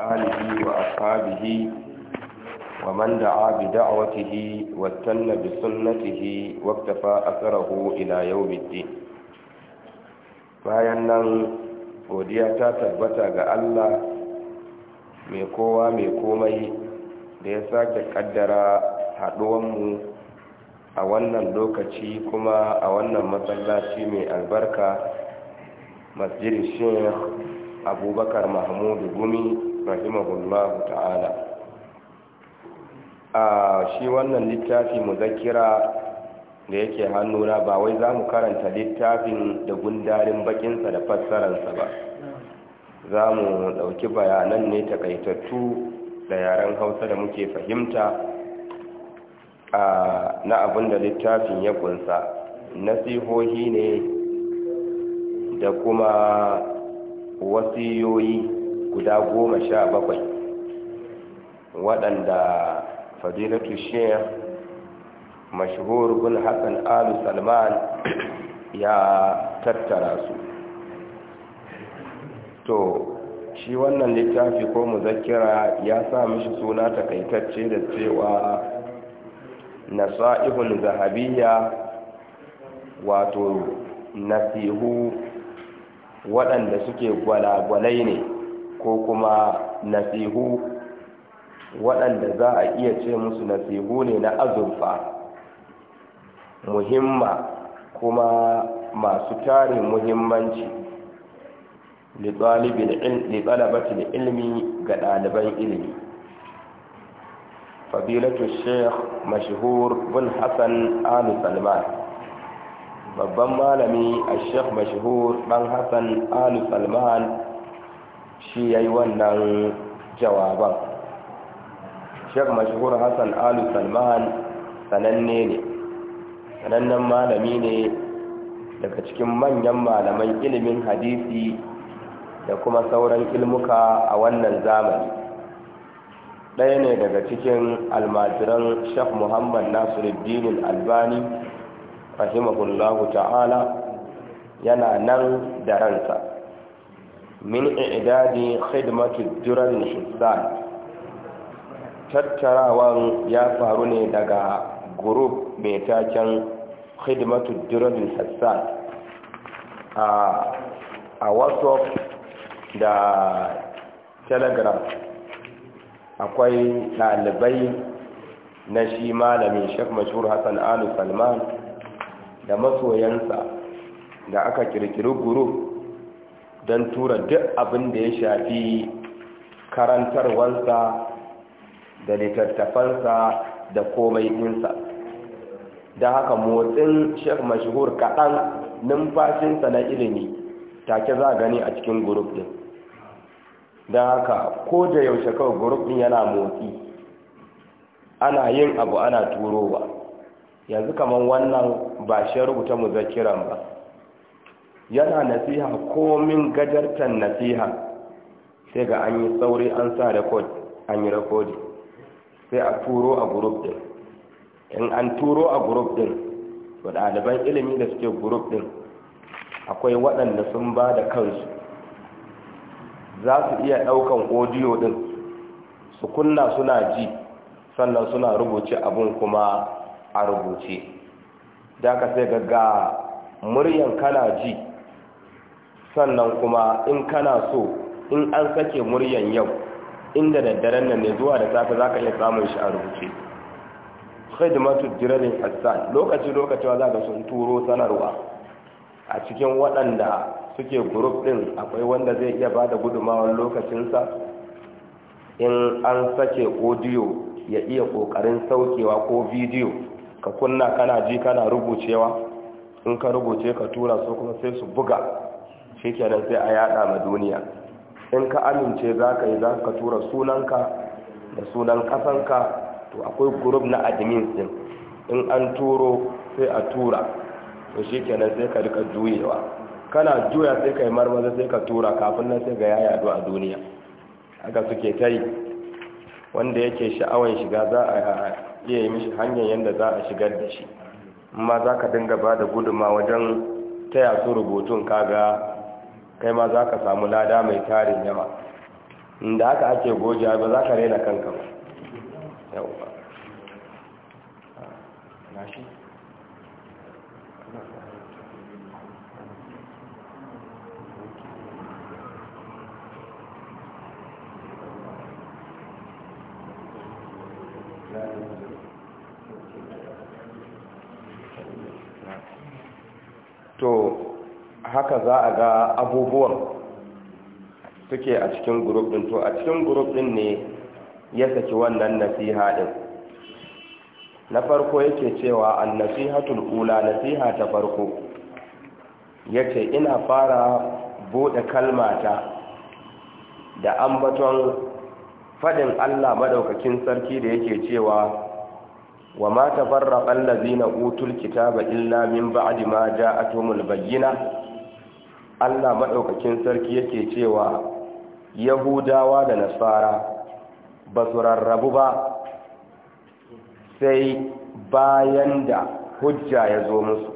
آله وأصحابه ومن دعا بدعوته واتن بسنته واكتفى أثره إلى يوم الدين bayan nan godiya ta tabbata ga Allah mai kowa mai komai da ya sake kaddara haɗuwanmu a wannan lokaci kuma a wannan matsalaci mai albarka masjidin sheikh abubakar mahmudu gumi rahimahullahu ta'ala a shi wannan littafi muzakira da yake hannuna ba wai za mu karanta littafin da gundarin bakinsa da fassararsa ba za mu ɗauki bayanan ne takaitattu da yaren hausa da muke fahimta na abin littafin ya kunsa nasihohi ne da kuma wasiyoyi guda goma sha bakwai waɗanda fadilatu shekh mashhur bin hassan alu salman ya tattara su to shi wannan littafi ko zakira ya sa mishi suna takaitacce da cewa nasa'ihun zahabiya wato nasihu waɗanda suke gwalagwalai ne ko kuma nasihu waɗanda za a iya ce musu nasihu ne na azurfa muhimma kuma masu tarin muhimmanci litsalabati ilmi ga ɗaliban ilimi fabilatu sheikh mashhur bin hassan ali salman babban malami a sheikh mashhur ɗan hassan ali salman shi ya yi wannan jawaban shek mashahur hassan alu salman sananne ne sanannen malami ne daga cikin manyan malaman ilimin hadisi da kuma sauran ilmuka a wannan zamani ɗaya ne daga cikin almajiran shek muhammad nasiruddin albani rahimahullahu ta'ala yana nan da ransa min idadi khidmatu durar hissan tattarawan ya faru ne daga gurup mai taken khidmatu durar hissan a whatsapp da telegram akwai ɗalibai na shi malamin shek mashhur hassan alu salman da masoyansa da aka ƙirƙiri gurub don tura duk abin da ya shafi karantarwansa da littattafansa da komai ɗinsa da haka motsin shek mashhur kaɗan numfashinsa na ilimi take za gani a cikin gurup ɗin da haka ko da yaushe kawai gurup ɗin yana motsi ana yin abu ana turowa yanzu kamar wannan ba shi rubuta mu ba yana nasiha komin gadartan nasiha sai ga an yi sauri an sa rekod an yi rekodi sai a turo a group din in an turo a group din to ɗaliban ilimi da suke group din akwai waɗanda sun ba da kansu za su iya ɗaukan audio din su kunna suna ji sannan suna rubuce abun kuma a rubuce da ka sai ga muryan kana ji sannan kuma in kana so in an sake muryan yau inda daddaren nan ne zuwa da safe zaka iya samun shi a rubuce khidmatu jiralin hassan lokaci lokaci za zaka sun turo sanarwa a cikin waɗanda suke guruf din akwai wanda zai iya bada da lokacin lokacinsa in an sake audio ya iya kokarin saukewa ko video ka kunna kana ji kana rubucewa in ka rubuce ka tura su kuma sai su buga shi sai a yada ma duniya in ka amince za ka yi za ka tura sunanka da sunan kasanka to akwai gurub na admin din in an turo sai a tura to shi sai ka rika juyewa kana juya sai ka yi marmaza sai ka tura kafin nan sai ga ya yadu a duniya haka suke ta wanda yake sha'awar shiga za a iya yi mishi hanyar yadda za a shigar da shi amma za ka dinga ba da guduma wajen taya su rubutun kaga kai ma za ka samu lada mai tarin yawa inda haka ake goji ba za ka rena kanka ba yau ba haka za a ga abubuwan suke a cikin group din to a cikin group din ne ya saki wannan nasiha din na farko yake cewa annasihatul ula nasiha ta farko yace ina fara bude kalmata da ambaton fadin Allah madaukakin sarki da yake cewa wa ma tafarraqa allazina utul kitaba illa min ba'di ma ja'atuhumul bayyinah Allah maɗaukakin sarki yake cewa Yahudawa da Nasara ba su rarrabu ba sai bayan da hujja ya zo musu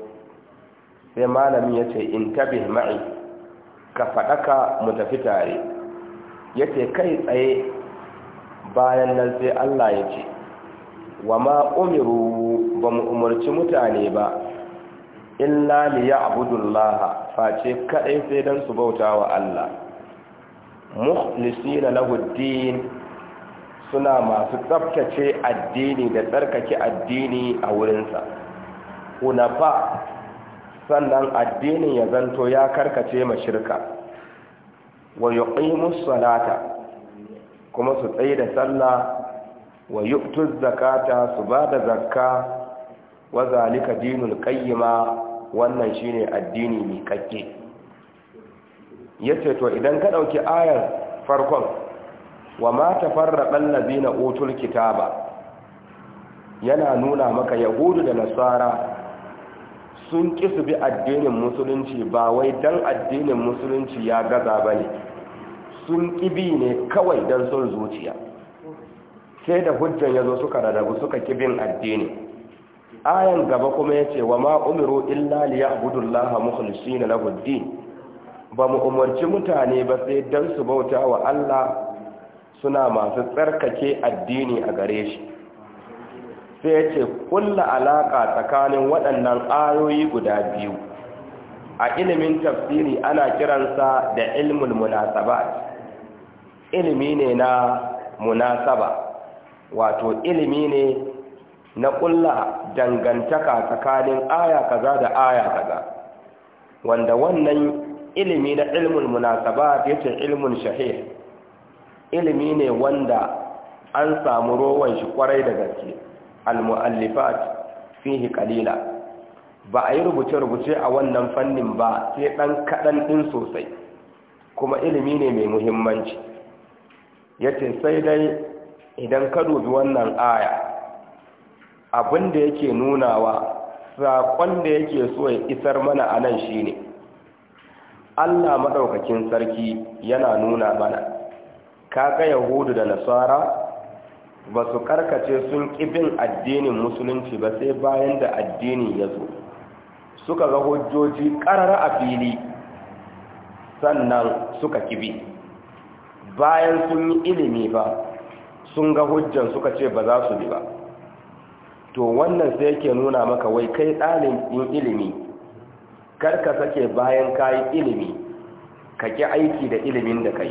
sai malami ya ce in tabi ma'i ka faɗaka mu tafi tare ya ce kai tsaye bayan nan sai Allah ya ce wa ma umiru ba mu umarci mutane ba illa liya abudullah face kadai sai dan su bauta wa Allah mukhlisina lahu din suna masu tsaftace addini da tsarkake addini a wurinsa hunafa sannan addinin ya zanto ya karkace ma shirka wa yuqimus salata kuma su tsaye da sallah wa yu'tuz zakata su bada zakka wa zalika dinul qayyima wannan shine addini mai Ya ce to idan ka ɗauki ayar farkon wa ma tafarraqal ladina utul kitaba yana nuna maka yahudu da nasara sun kisu bi addinin musulunci ba wai dan addinin musulunci ya gaza bane sun kibi ne kawai dan sun zuciya sai da hujjan yazo suka rarrabu suka kibin addinin ayan gaba kuma yace wa ma umiru illa liya'budullaha mukhlishina lahu ddin ba mu umarci mutane ba sai dan su bauta wa Allah suna masu tsarkake addini a gare shi sai yace kullu alaka tsakanin waɗannan ayoyi guda biyu a ilimin tafsiri ana kiransa da ilmul munasabat ilimi ne na munasaba wato ilimi ne na kulla dangantaka tsakanin aya kaza da aya kaza wanda wannan ilimi na ilmul munasabat yace ilmun shahih ilimi ne wanda an samu rowan shi kwarai da gaske almuallifat fihi qalila ba a yi rubuce-rubuce a wannan fannin ba sai dan kadan din sosai kuma ilimi ne mai muhimmanci yace sai dai idan ka dubi wannan aya abin da yake nunawa saƙon da yake so ya isar mana a nan shi ne allah maɗaukakin sarki yana nuna mana kaga yahudu da nasara ba su karkace sun ƙibin addinin musulunci ba sai bayan da addini ya zo suka ga hujjoji ƙarara a fili sannan suka kibi bayan sun yi ilimi ba sun ga hujjan suka ce ba za su bi ba to wannan sai yake nuna maka wai kai ɗalibin ilimi kar ka sake bayan kayi ilimi ka ƙi aiki da ilimin da kai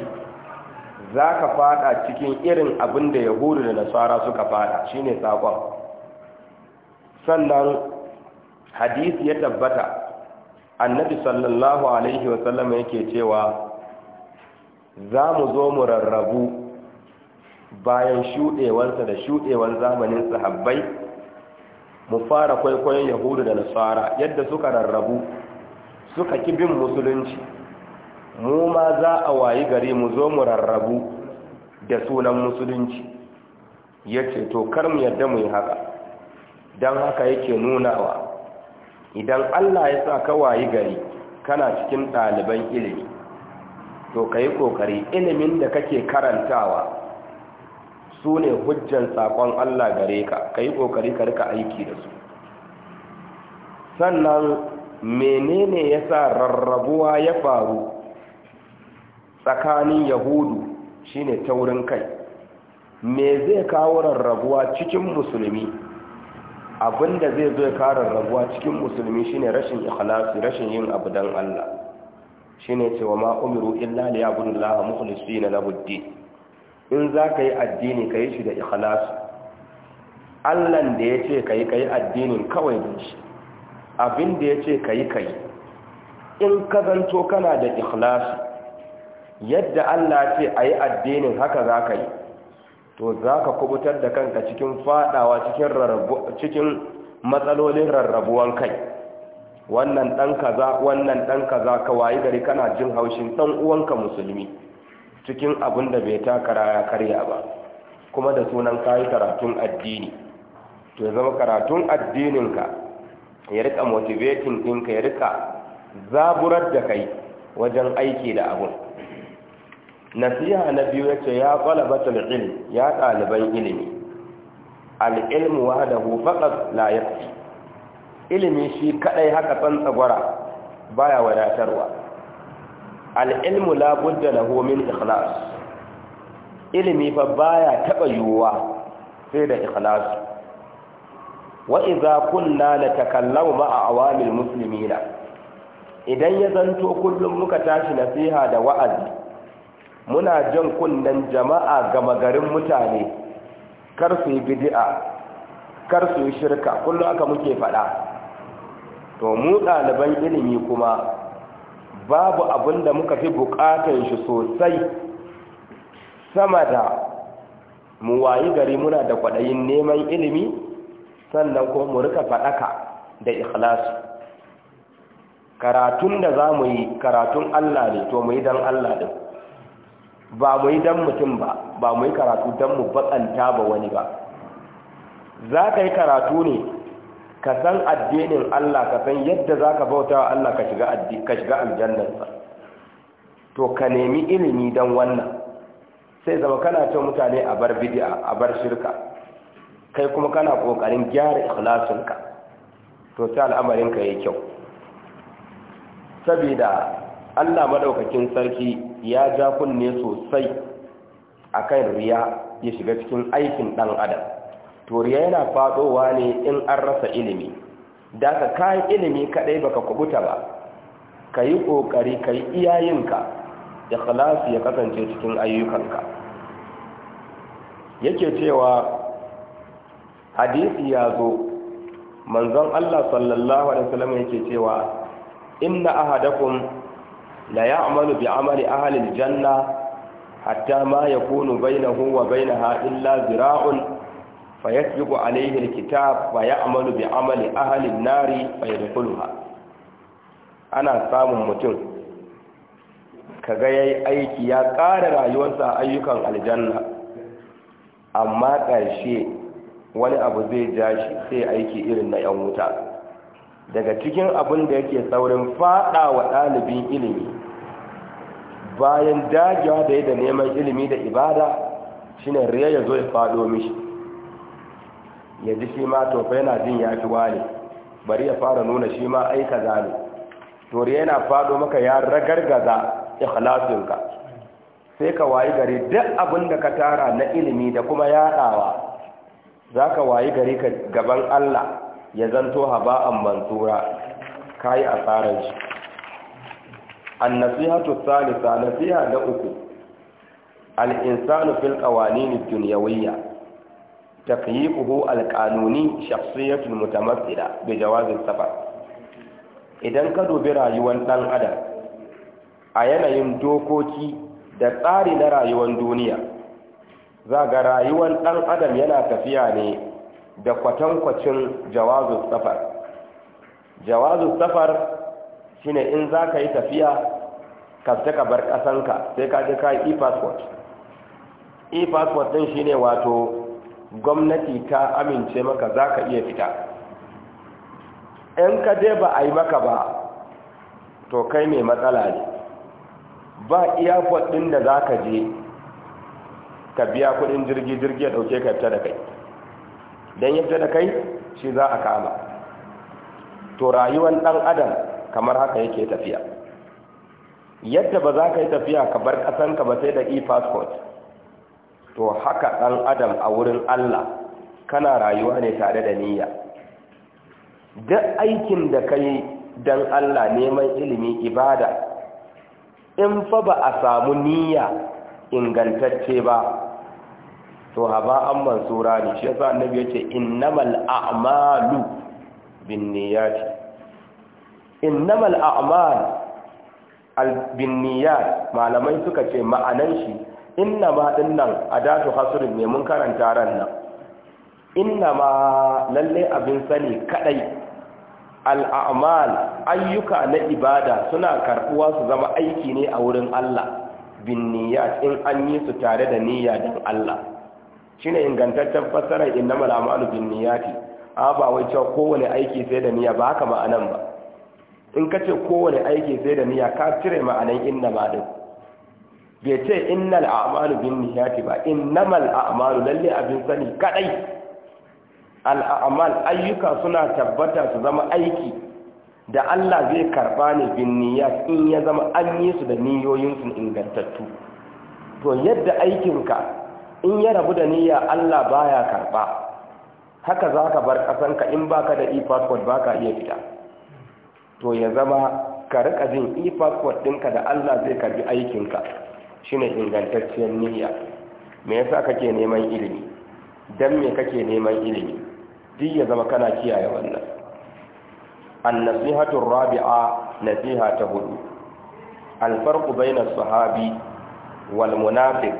za ka fada cikin irin abin da yahudu da nasara suka fada shine sakon sannan hadisi ya tabbata annabi sallallahu alaihi wasallam yake cewa za mu zo mu rarrabu bayan shuɗewarsa da shuɗewar zamanin sahabbai mu fara kwaikwayon yahudu da nasara yadda suka rarrabu suka ki bin musulunci mu ma za a wayi gari mu zo mu rarrabu da sunan musulunci ya ce to kar mu yadda mu yi haka don haka yake nunawa idan allah ya sa ka wayi gari kana cikin ɗaliban ilimi to ka yi ƙoƙari ilimin da kake karantawa su ne hujjan sakon Allah gare ka ka yi ƙoƙari ka rika aiki da su sannan menene ya sa rarrabuwa ya faru tsakanin yahudu shine taurin kai me zai kawo rarrabuwa cikin musulmi abinda zai zo kawo rarrabuwa cikin musulmi shine rashin ikhlasi rashin yin abu don Allah shine cewa ma umiru illa liyabudullaha mukhlisina na ad in za ka yi addini ka yi shi da ikhlas allan da ya ce ka yi ka yi addinin kawai da shi abin da ya ce ka yi ka yi in ka zanto kana da ikhlasu yadda allah ce a yi addinin haka za ka yi to za ka kubutar da kanka cikin fadawa cikin matsalolin rarrabuwan kai wannan ɗan za wannan ka wayi gari kana jin haushin ɗan uwanka musulmi cikin abin da bai taka ya karya ba kuma da sunan kayi karatun addini to zama karatun addininka ya rika motivating ɗinka ya rika zaburar da kai wajen aiki da abun nasiha na biyu ya ce ya ƙwalabatul ilm ya ɗaliban ilimi al'ilmu wahadahu faqat la yakfi ilimi shi kaɗai haka tsantsagwara baya wadatarwa al'ilmu labun da lahomin ikhlas ilimi fa baya taɓa yiwuwa sai da ikhlas wa'iza kunna kunna natakallamu ma'a awamil na idan ya zanto kullum muka tashi nasiha da wa'azi muna jan kunnen jama'a ga magarin mutane kar su yi bid'a kar su yi shirka kullum aka muke faɗa to mu ɗaliban ilimi kuma babu abin da muka fi bukatun shi sosai sama da mu wayi gari muna da kwaɗayin neman ilimi sannan kuma mu rika faɗaka da ikhlasu karatun da za mu yi karatun Allah ne to mu yi don Allah ɗin ba mu yi don mutum ba ba mu yi karatu don mu baƙanta ba wani ba za ka yi karatu ne ka san addinin Allah ka san yadda za ka bauta wa Allah ka shiga aljannarsa to ka nemi ilimi don wannan sai zama kana ce mutane a bar bidiya a bar shirka kai kuma kana kokarin gyara ikhlasinka to sai ka yi kyau saboda Allah madaukakin sarki ya ja kunne sosai akan riya ya shiga cikin aikin ɗan adam turiya yana fadowa ne in an rasa ilimi da ka kai ilimi kadai baka kubuta ba ka yi kokari ka yi iyayenka ikhlasi ya kasance cikin ayyukanka yake cewa hadisi ya zo manzon Allah sallallahu alaihi wasallam yake cewa inna ahadakum la ya'malu bi'amali amali ahli aljanna hatta ma yakunu bainahu wa bainaha illa zira'un fa yasbiqu alayhi alkitab wa ya'malu bi amali ahli an-nari fa yadkhuluha ana samun mutum kaga yayi aiki ya ƙara rayuwarsa ayyukan aljanna amma karshe wani abu zai ja shi sai aiki irin na yan wuta daga cikin abin da yake saurin fada wa ɗalibin ilimi bayan dagewa da da neman ilimi da ibada shine riya ya zo ya fado mishi ya ji shi ma to yana jin ya fi wani bari ya fara nuna shi ma ai kaza ne to yana fado maka ya ragargaza ikhlasinka sai ka wayi gari duk abin da ka tara na ilimi da kuma yadawa zaka wayi gari ka gaban Allah ya zanto haba'an mansura kayi asaran shi an-nasihatu salisa nasiha da uku al-insanu fil qawanin ad تقييده القانوني شخصية متمثلة بجواز السفر idan ka dubi rayuwar ɗan adam a yanayin dokoki da tsari na rayuwar duniya za ga rayuwar ɗan adam yana tafiya ne da kwatankwacin jawazin safar jawazin safar shine in za ka yi tafiya kafta ka bar ƙasanka sai ka ji ka yi e-passport e-passport ɗin shine wato gwamnati ta amince maka za ka iya fita Yan ka je ba a yi maka ba to kai mai matsala ne ba iya ɗin da za ka je ka biya kudin jirgi-jirgi ya ɗauke ka fita da kai don ya da kai shi za a kama to rayuwan ɗan adam kamar haka yake tafiya yadda ba za ka yi tafiya ka bar ƙasanka ba sai da e-passport to haka ɗan adam a wurin Allah kana rayuwa ne tare da niyya duk aikin da kai don Allah neman ilimi ibada in fa ba a samu niyya ingantacce ba to haba an mansura ne shi yasa annabi yace innamal a'malu niyyat innamal a'mal al niyyat malamai suka ce ma'anan shi inna ma din nan a datu hasurin ne mun karanta ran nan inna ma lalle abin sani kadai al'amal ayyuka na ibada suna karbuwa su zama aiki ne a wurin Allah bin niyya in an yi su tare da niyya don Allah shine ingantaccen fassarar innamal a'malu bin niyyati a ba wai cewa kowane aiki sai da niyya ba haka ma'anan ba in kace kowane aiki sai da niyya ka cire ma'anan inna ma din bai ce innal a'malu bin niyyati ba innamal a'malu lalle abin sani kadai al ayyuka suna tabbata su zama aiki da Allah zai karba ne bin niyyat in ya zama an yi su da niyoyin ingantattu to yadda aikinka in ya rabu da niyya Allah baya karba haka zaka bar kasanka in baka da e-passport baka iya fita to ya zama ka rika jin e-passport ɗinka da Allah zai karbi aikinka shine ingantacciyar niyya me yasa kake neman ilimi dan me kake neman ilimi duk ya zama kana kiyaye wannan an rabi'a nasiha ta hudu al-farqu sahabi wal munafiq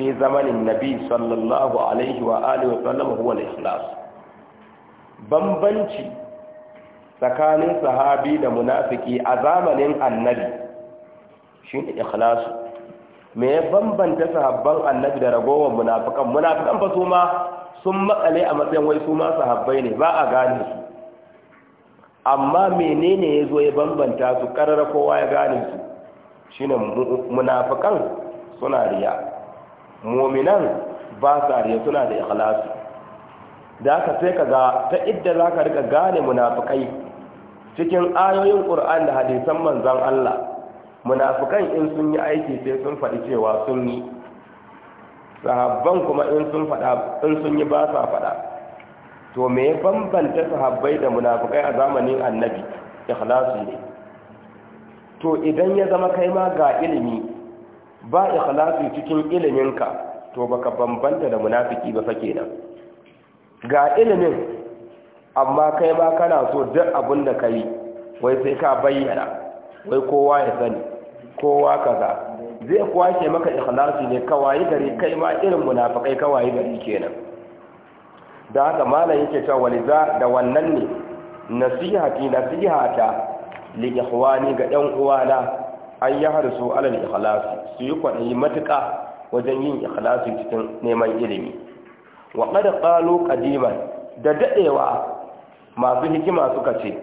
fi zamanin nabi sallallahu alaihi wa alihi wa sallam huwa al-ikhlas bambanci tsakanin sahabi da munafiki a zamanin annabi shine ikhlasu me ya bambanta sahabban annabi da ragowar munafikan munafikan ba su ma sun matsale a matsayin wai su ma sahabbai ne ba a gane su amma menene ya zo ya bambanta su karara kowa ya gane su shine munafikan suna riya Mominan ba sa riya suna da ikhlasu da aka sai ka ga ta idda za ka rika gane munafikai cikin ayoyin ƙur'an da hadisan manzan Allah munafukan in sun yi aiki sai sun faɗi cewa sun yi sahabban kuma in sun faɗa in sun yi ba sa faɗa to me ya bambanta sahabbai da munafukai a zamanin annabi ikhlasi ne to idan ya zama kai ma ga ilimi ba ikhlasi cikin iliminka to baka bambanta da munafiki ba fa kenan ga ilimin amma kai ma kana so duk abin da ka wai sai ka bayyana wai kowa ya sani kowa kaza zai kwashe maka ikhlasi ne kawai gari kai ma irin munafikai kawai gari kenan da haka malam yake cewa waliza da wannan ne nasihati nasihata li ikhwani ga ɗan uwana an yi harsu alal ikhlasi su yi kwaɗayi matuka wajen yin ikhlasi cikin neman ilimi wa qad qalu qadiman da dadewa masu hikima suka ce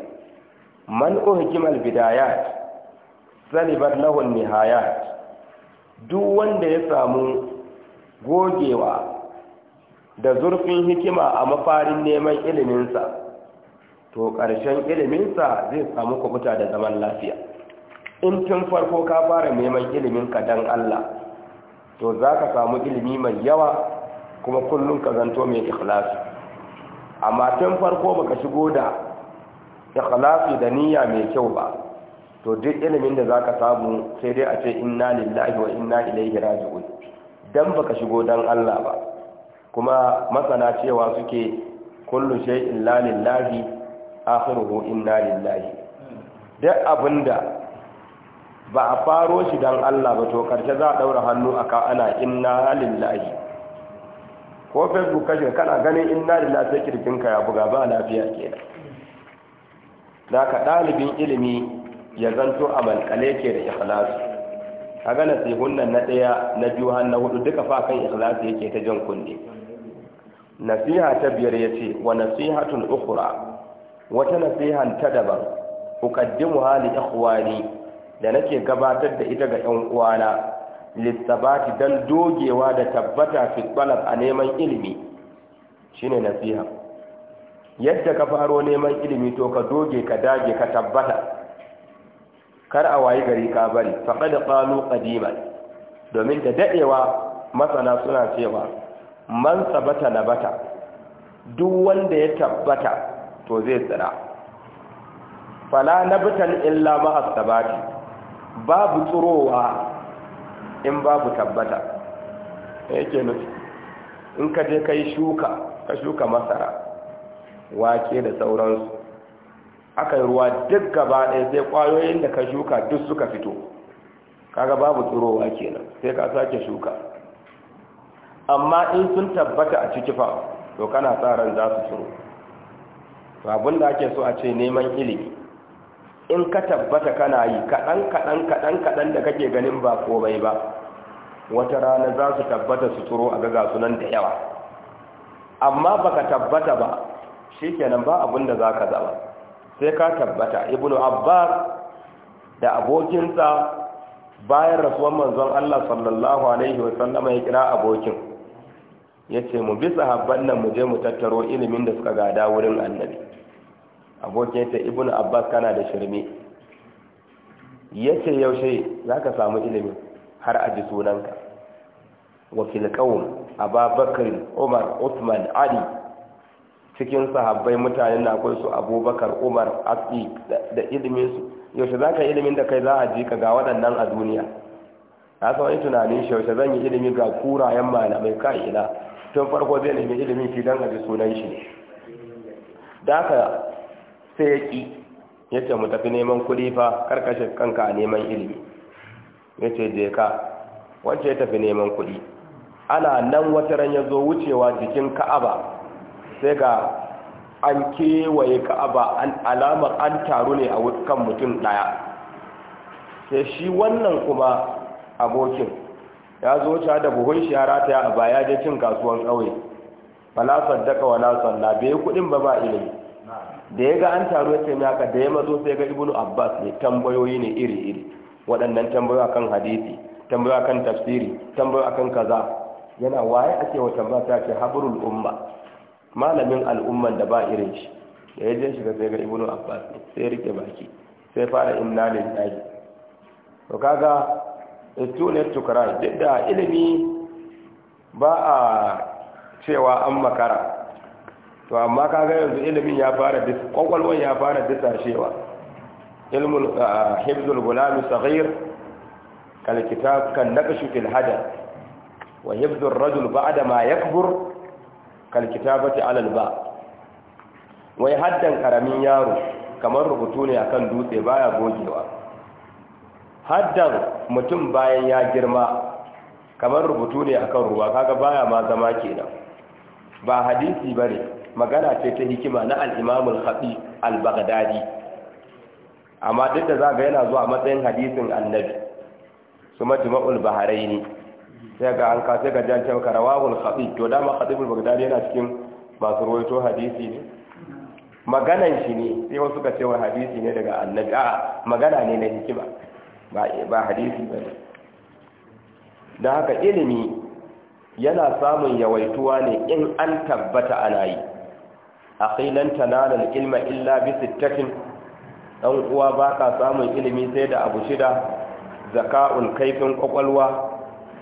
man o hikimal bidayat zalibar lahun nihayat duk wanda ya samu gogewa da zurfin hikima a mafarin neman iliminsa to ƙarshen iliminsa zai samu kubuta da zaman lafiya in tun farko ka fara neman ilimin ka dan Allah to za ka samu ilimi mai yawa kuma kullum ka zanto mai ikhlasi amma tun farko baka shigo da ikhlasi da niyya mai kyau ba to duk ilimin da za ka samu sai dai a ce inna lillahi wa inna ilaihi raji'un dan baka shigo dan Allah ba kuma masana cewa suke kullu shay'in la lillahi akhiruhu inna lillahi duk abinda ba a faro shi dan Allah ba to karshe za a daura hannu aka ana inna lillahi ko facebook kashe kana ganin inna lillahi sai kirkinka ya buga ba lafiya kenan da ka ɗalibin ilimi ya zanto a malkale ke da ikhlasi kaga nasihun nan na daya na biyu har na hudu duka fa kan ikhlasi yake ta jan kunne nasiha ta biyar yace wa nasihatun ukhra wata nasihan ta daban uqaddimu hali ikhwani da nake gabatar da ita ga yan uwana littabati dan dogewa da tabbata fi talab a neman ilimi shine nasiha yadda ka faro neman ilimi to ka doge ka dage ka tabbata kar a wayi gari ka bari faqad qalu qadiman domin da dadewa masana suna cewa man sabata nabata duk wanda ya tabbata to zai tsira fala nabatan illa ma sabati babu tsurowa in babu tabbata yake nufi in ka je kai shuka ka shuka masara wake da sauransu aka yi ruwa duk gaba ɗaya sai ƙwayoyin da ka shuka duk suka fito kaga babu tsirowa kenan sai ka sake shuka amma in sun tabbata a ciki fa to kana sa za su tsiro to da ake so a ce neman ilimi in ka tabbata kana yi kaɗan kaɗan kaɗan kaɗan da kake ganin ba komai ba wata rana za su tabbata su tsoro a gaga sunan da yawa amma baka tabbata ba shi kenan ba abin da za ka zama sai ka tabbata ibnu abbas da abokinsa bayan rasuwan manzon Allah sallallahu alaihi wa sallama ya kira abokin ya ce mu bisa habban nan mu je mu tattaro ilimin da suka gada wurin annabi abokin ta ibn abbas kana da shirme ya ce yaushe za ka samu ilimin har a ji sunanka wakil kawun ababakar umar usman ali cikin sahabbai mutane na akwai su abubakar umar asi da ilimin su yaushe za ka ilimin da kai za a ji ka ga waɗannan a duniya na sa wani tunanin shi zan yi ilimi ga kurayen malamai kaina ina tun farko zai nemi ilimin shi don a ji sunan shi ne da haka sai ya ƙi ya ce mu tafi neman kuɗi fa karkashe kanka a neman ilimi ya ce je ka wacce ya tafi neman kuɗi ana nan wata ran ya zo wucewa jikin ka'aba sai ga an kewaye ka'aba an alamar an taru ne a kan mutum daya sai shi wannan kuma abokin ya zo ta da buhun shi ya rataya a baya je cin kasuwan ƙauye fala saddaka wala salla bai kudin ba ba ilimi da ya ga an taru ya mai aka da ya mazo sai ga ibnu abbas ne tambayoyi ne iri-iri waɗannan tambayoyi akan hadisi tambayoyi akan tafsiri tambayoyi akan kaza yana waye ake wa tambaya ta ce habrul umma malamin al'umman da ba irin shi da ya je shiga sai ga ibnu abbas sai rike baki sai fara inna lillahi to kaga student to cry duk da ilimi ba a cewa an makara to amma kaga yanzu ilimin ya fara dis kwakwalwan ya fara disashewa ilmul hifzul gulam saghir kal kitab kan naqshu fil hada wa hifzul rajul ba'da ma yakbur kalkitabati alal ba wai haddan karamin yaro kamar rubutu ne akan dutse baya gogewa haddan mutum bayan ya girma kamar rubutu ne akan ruwa kaga baya ma zama kenan ba hadisi bane magana ce ta hikima na al-Imam al-Khafi al-Baghdadi amma duk da zaga yana zuwa matsayin hadisin annabi su jama'ul baharaini sai ga an ka sai ga jan cewa rawahul khafi to dama khatibul bagdadi yana cikin masu ruwaito hadisi ne maganan shi ne sai wasu ka cewa hadisi ne daga annabi a'a magana ne na hikima ba ba hadisi ba dan haka ilimi yana samun yawaituwa ne in an tabbata ana yi aqilan tananan ilma illa bi sittatin dan uwa ba ka samun ilimi sai da abu shida zaka'ul kaifin kwakwalwa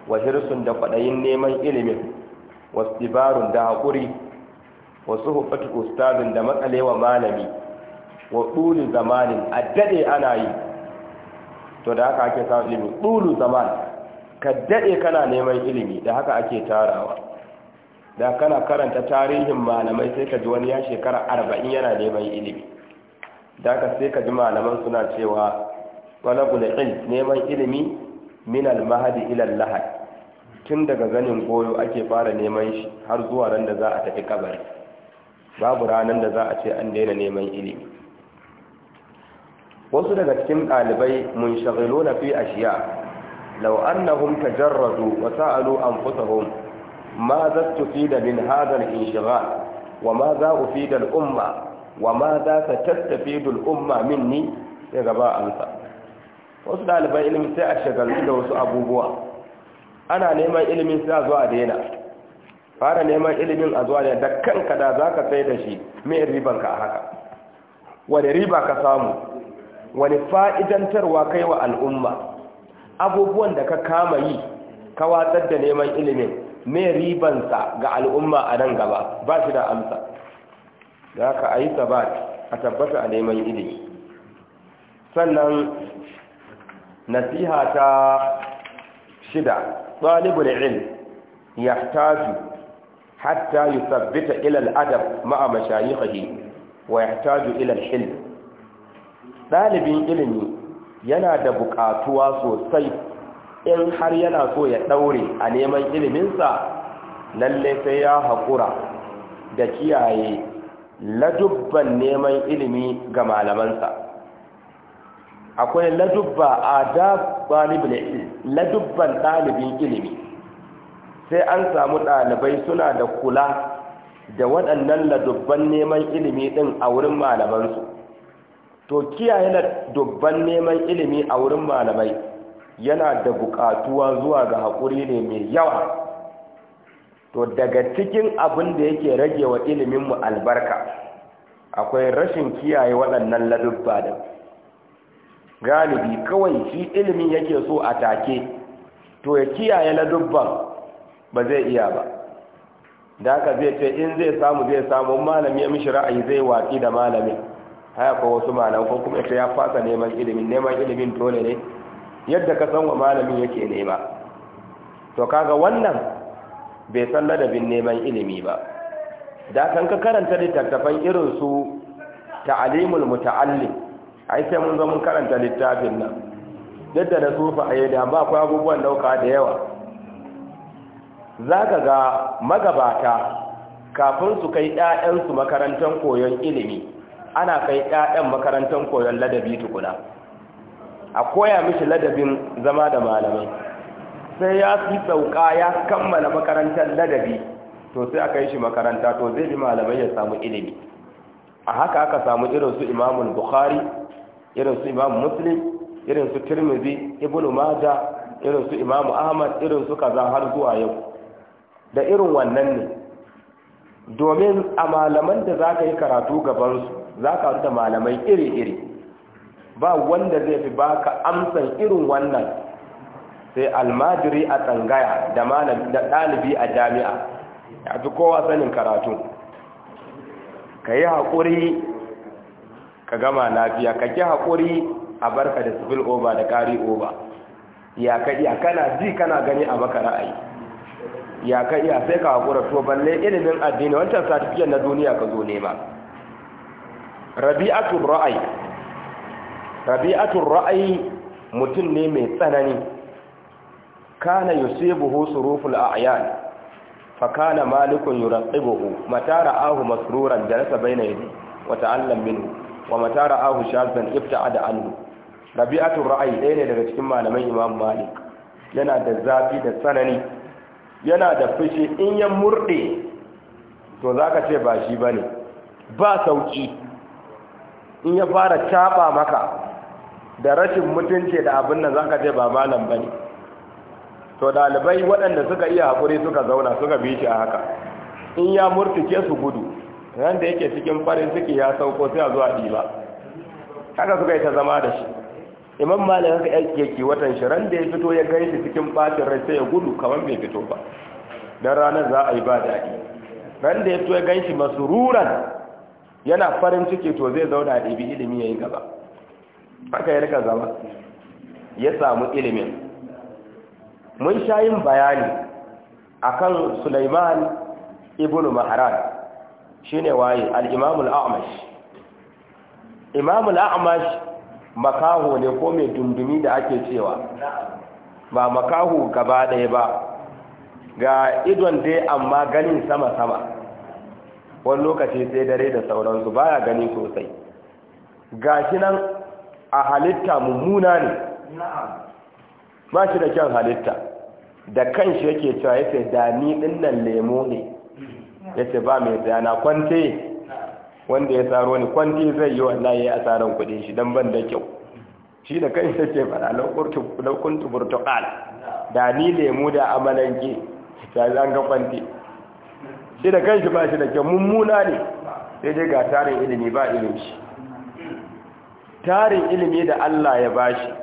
wa hirsun da kwaɗayin neman ilimin wasu dibarun da haƙuri wasu hufatu ustazin da matsalewa malami wa ɗulu zamanin a daɗe ana yi to da haka ake samun ilimin ɗulu zaman ka daɗe kana neman ilimi da haka ake tarawa da kana karanta tarihin malamai sai ka ji wani ya shekara arba'in yana neman ilimi da haka sai ka ji malaman suna cewa wani gulaƙin neman ilimi minal mahadi ilal lahad tun daga zanin goyo ake fara neman shi har zuwa nan da za a tafi kabari babu ranar da za a ce an daina neman ilimi wasu daga cikin ɗalibai mun shagalo na fi ashiya lau annahum tajarradu wa sa'alu anfusahum ma za da min hadha al-inshighal wa ma za ufida al-umma wa ma za ta tattafidu al min ni, sai gaba amsa wasu ɗaliban ilimi sai a shagaltu da wasu abubuwa ana neman ilimin sai a zuwa daina fara neman ilimin a zuwa daina da kanka da za ka sai da shi mai ribanka a haka wani riba ka samu wani fa'idantarwa kai wa al'umma abubuwan da ka kama yi ka watsar da neman ilimin mai ribansa ga al'umma a nan gaba ba shi da amsa za ka a yi sabat a tabbata a neman ilimi sannan nasiha ta shida talibul ilm yahtaju hatta yuthabbita ila al-adab ma'a mashayikhihi wa yahtaju ila al-hilm dalibin ilimi yana da buƙatuwa sosai in har yana so ya ɗaure a neman iliminsa lallai sai ya haƙura da kiyaye ladubban neman ilimi ga malamansa akwai ladubba adab ladubban ɗalibin ilimi sai an samu ɗalibai suna da kula da waɗannan ladubban neman ilimi ɗin a wurin malamansu to kiyaye ladubban neman ilimi a wurin malamai yana da buƙatuwa zuwa ga haƙuri ne mai yawa to daga cikin abin da yake rage wa iliminmu albarka akwai rashin kiyaye waɗannan ladubba da galibi kawai shi ilimi yake so a take to ya kiyaye ladubban ba zai iya ba da ka zai ce in zai samu zai samu malami ya mishi ra'ayi zai watsi da malami haya ko wasu malam ko kuma ya fasa neman ilimin neman ilimin dole ne yadda ka san wa malamin yake nema to kaga wannan bai san ladabin neman ilimi ba da kan ka karanta littattafan irin su ta'alimul muta'allim ai sai mun zo mun karanta littafin nan duk da sufa a yadda ba akwai abubuwan dauka da yawa za ga magabata kafin su kai 'ya'yansu makarantar koyon ilimi ana kai 'ya'yan makarantar koyon ladabi tukuna a koya mishi ladabin zama da malamai sai ya fi sauka ya kammala makarantar ladabi to sai aka yi shi makaranta to zai bi malamai ya samu ilimi a haka aka samu irin su imamul bukhari irin su imam muslim irin su tirmidhi ibnu maja irin su imam ahmad irin su kaza har zuwa yau da irin wannan ne domin a malaman da zaka yi karatu gabansu za ka da malamai iri-iri ba wanda zai fi baka amsan irin wannan sai almajiri a tsangaya da ɗalibi a jami'a ya fi kowa sanin karatu ka yi haƙuri ka gama lafiya ka ki hakuri a barka da civil over da ƙari over ya ka iya kana ji kana gani a maka ra'ayi ya ka iya sai ka haƙura to balle ilimin addini wancan satifiyan na duniya ka zo nema rabi'atul ra'ayi rabi'atul ra'ayi mutum ne mai tsanani kana yusibuhu suruful a'yan kana malikun yuraqibuhu mata ra'ahu masruran jalasa baina bainai wa ta'allam minhu wa matara ahu shazan ifta da anhu rabi'atu ra'ayi ɗaya ne daga cikin malaman imam malik yana da zafi da tsanani yana da fushi in ya murde to zaka ce ba shi bane ba sauki in ya fara caɓa maka da rashin mutunci da abin nan zaka ce ba malam bane to dalibai waɗanda suka iya haƙuri suka zauna suka bi shi a haka in ya murtuke su gudu randa yake cikin farin ciki ya sauko sai a zuwa ɗiba haka suka yi ta zama da shi imam malik haka yake ki watan shi ran da ya fito ya gan shi cikin ɓacin rai sai ya gudu kamar bai fito ba don ranar za a yi ba daɗi ran da ya fito ya gan shi masururan yana farin ciki to zai zauna da ɗibi ilimi ya yi gaba haka ya rika zama ya samu ilimin mun sha yin bayani akan Sulaiman ibnu Mahran shine waye al-imam al-a'mash imam al-a'mash makaho ne ko mai dundumi da ake cewa ba makaho gaba ɗaya ba ga idon dai amma ganin sama sama wani lokaci sai dare da sauransu baya gani sosai gashi nan a halitta mummuna ne ba shi da kyan halitta da kanshi yake cewa yace da ni dinnan lemo ne yace ba mai tsayana kwante wanda ya tsaro ni kwante zai yi wallahi ya asaran kudin shi dan ban da kyau shi da kai yake fara laukuntu burtukal da ni lemu da amalanke ta zan ga kwante shi da kai shi ba shi da kyau mummuna ne sai dai ga tarin ilimi ba ilimi shi tarin ilimi da Allah ya bashi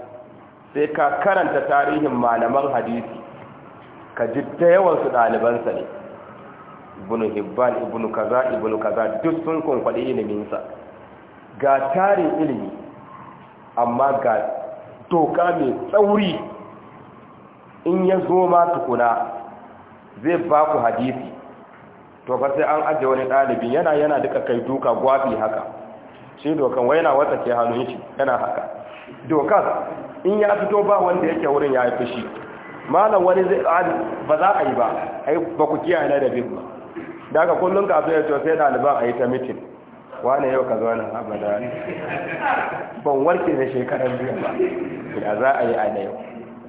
sai ka karanta tarihin malaman hadisi ka ji yawan su ɗalibansa ne ibnu hibban ibnu kaza ibnu kaza duk sun ilimin sa ga tarin ilimi amma ga doka mai tsauri in ya zo ma tukuna zai ba ku hadisi to ba sai an ajiye wani ɗalibin yana yana duka kai duka gwafi haka shi dokan wai yana wata ke hannun shi yana haka dokar in ya fito ba wanda yake wurin ya fi shi malam wani zai ba za a yi ba ba ku kiyaye na da biyu ba daga aka kullum ka ya cewa sai ɗaliban a yi ta mitin wane yau ka zuwa nan abada ban warke da shekarar biyu ba da za a yi a yau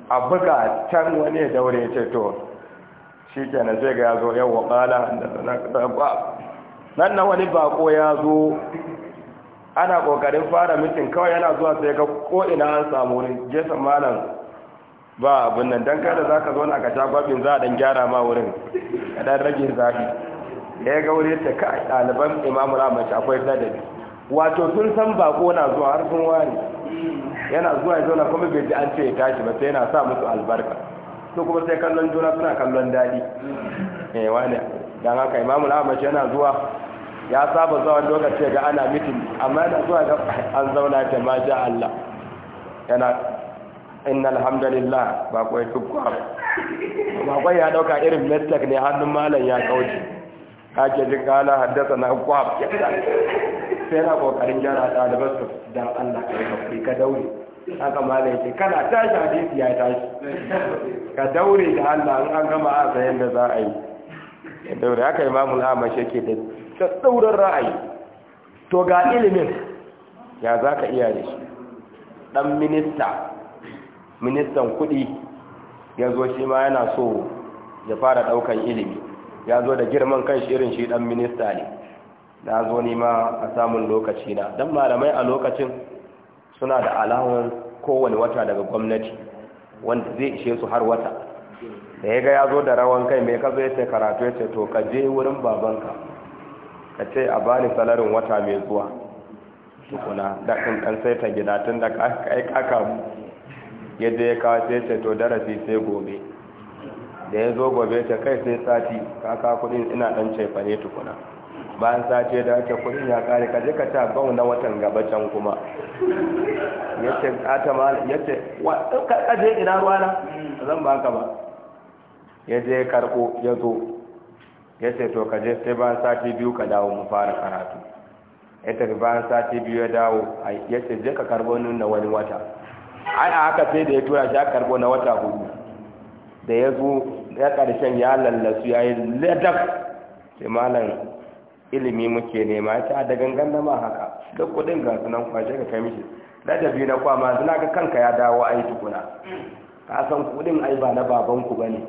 a buga can wani ya daure ya ce to shi ke na zai ga ya zo yau wa ƙala da sanakwa nan na wani bako ya zo ana ƙoƙarin fara mitin kawai yana zuwa sai ga ko'ina an samu wurin jesa malam ba abin nan don kada za ka zo na ka sha gwabin za a ɗan gyara ma wurin kadan rage zafi ya ga wuri ta ka ɗaliban imamu rahmat akwai ladabi wato sun san bako na zuwa har sun wani yana zuwa ya zauna kuma bai ji an ce ya tashi ba sai yana sa musu albarka su kuma sai kallon juna suna kallon daɗi ne eh, wani don haka imamu rahmat yana zuwa ya saba zuwa lokaci ga ana mitin amma yana zuwa ga an zauna ta ma ja Allah yana inna alhamdulillah ba kwai tukwa ba kwai ya dauka irin mistake ne hannun malam ya kauce kake jin kala haddasa na kwa ya sai na kokarin gyara da su dan Allah ka yi ka daure haka mala yake kana tashi hadisi ya tashi ka daure da Allah an gama a sayan da za a yi ya daure haka imamul amashi yake da tsauran ra'ayi to ga ilimin ya za ka iya da shi ɗan minista ministan kuɗi yanzu shi ma yana so ya fara ɗaukan ilimi ya zo da girman kan shirin shi dan minista ne na zo nima a samun lokaci na don malamai a lokacin suna da alawar kowane wata daga gwamnati wanda zai ishe su har wata da ya ga ya zo da rawan kai mai kazo ya ce karatu ya ce to ka je wurin babanka ka ce a bani salarin wata mai zuwa tukuna da kan kan sai ta gida tun da ka kaka yadda ya kawo sai ce to darasi sai gobe da ya zo gobe ta kai sai sati kaka kudin ina dan cefane tukuna bayan sace da ake kudin ya kare ka je ka ta bau na watan gaba can kuma yace ma yace wa ka kaje ina ruwana zan ba ka ba ya je karko ya zo yace to ka je sai bayan sati biyu ka dawo mu fara karatu yace bayan sati biyu ya dawo yace je ka karbo nun na wani wata ai a haka sai da ya tura shi aka karbo na wata hudu da ya zo ya ƙarshen ya lallasu ya yi ladab sai malam ilimi muke nema ya ta da gangan na ma haka duk kudin ga sunan kwashe ka kai mishi ladabi na kwama suna ga kanka ya dawo a yi tukuna ka san kudin ai ba na babanku ba ne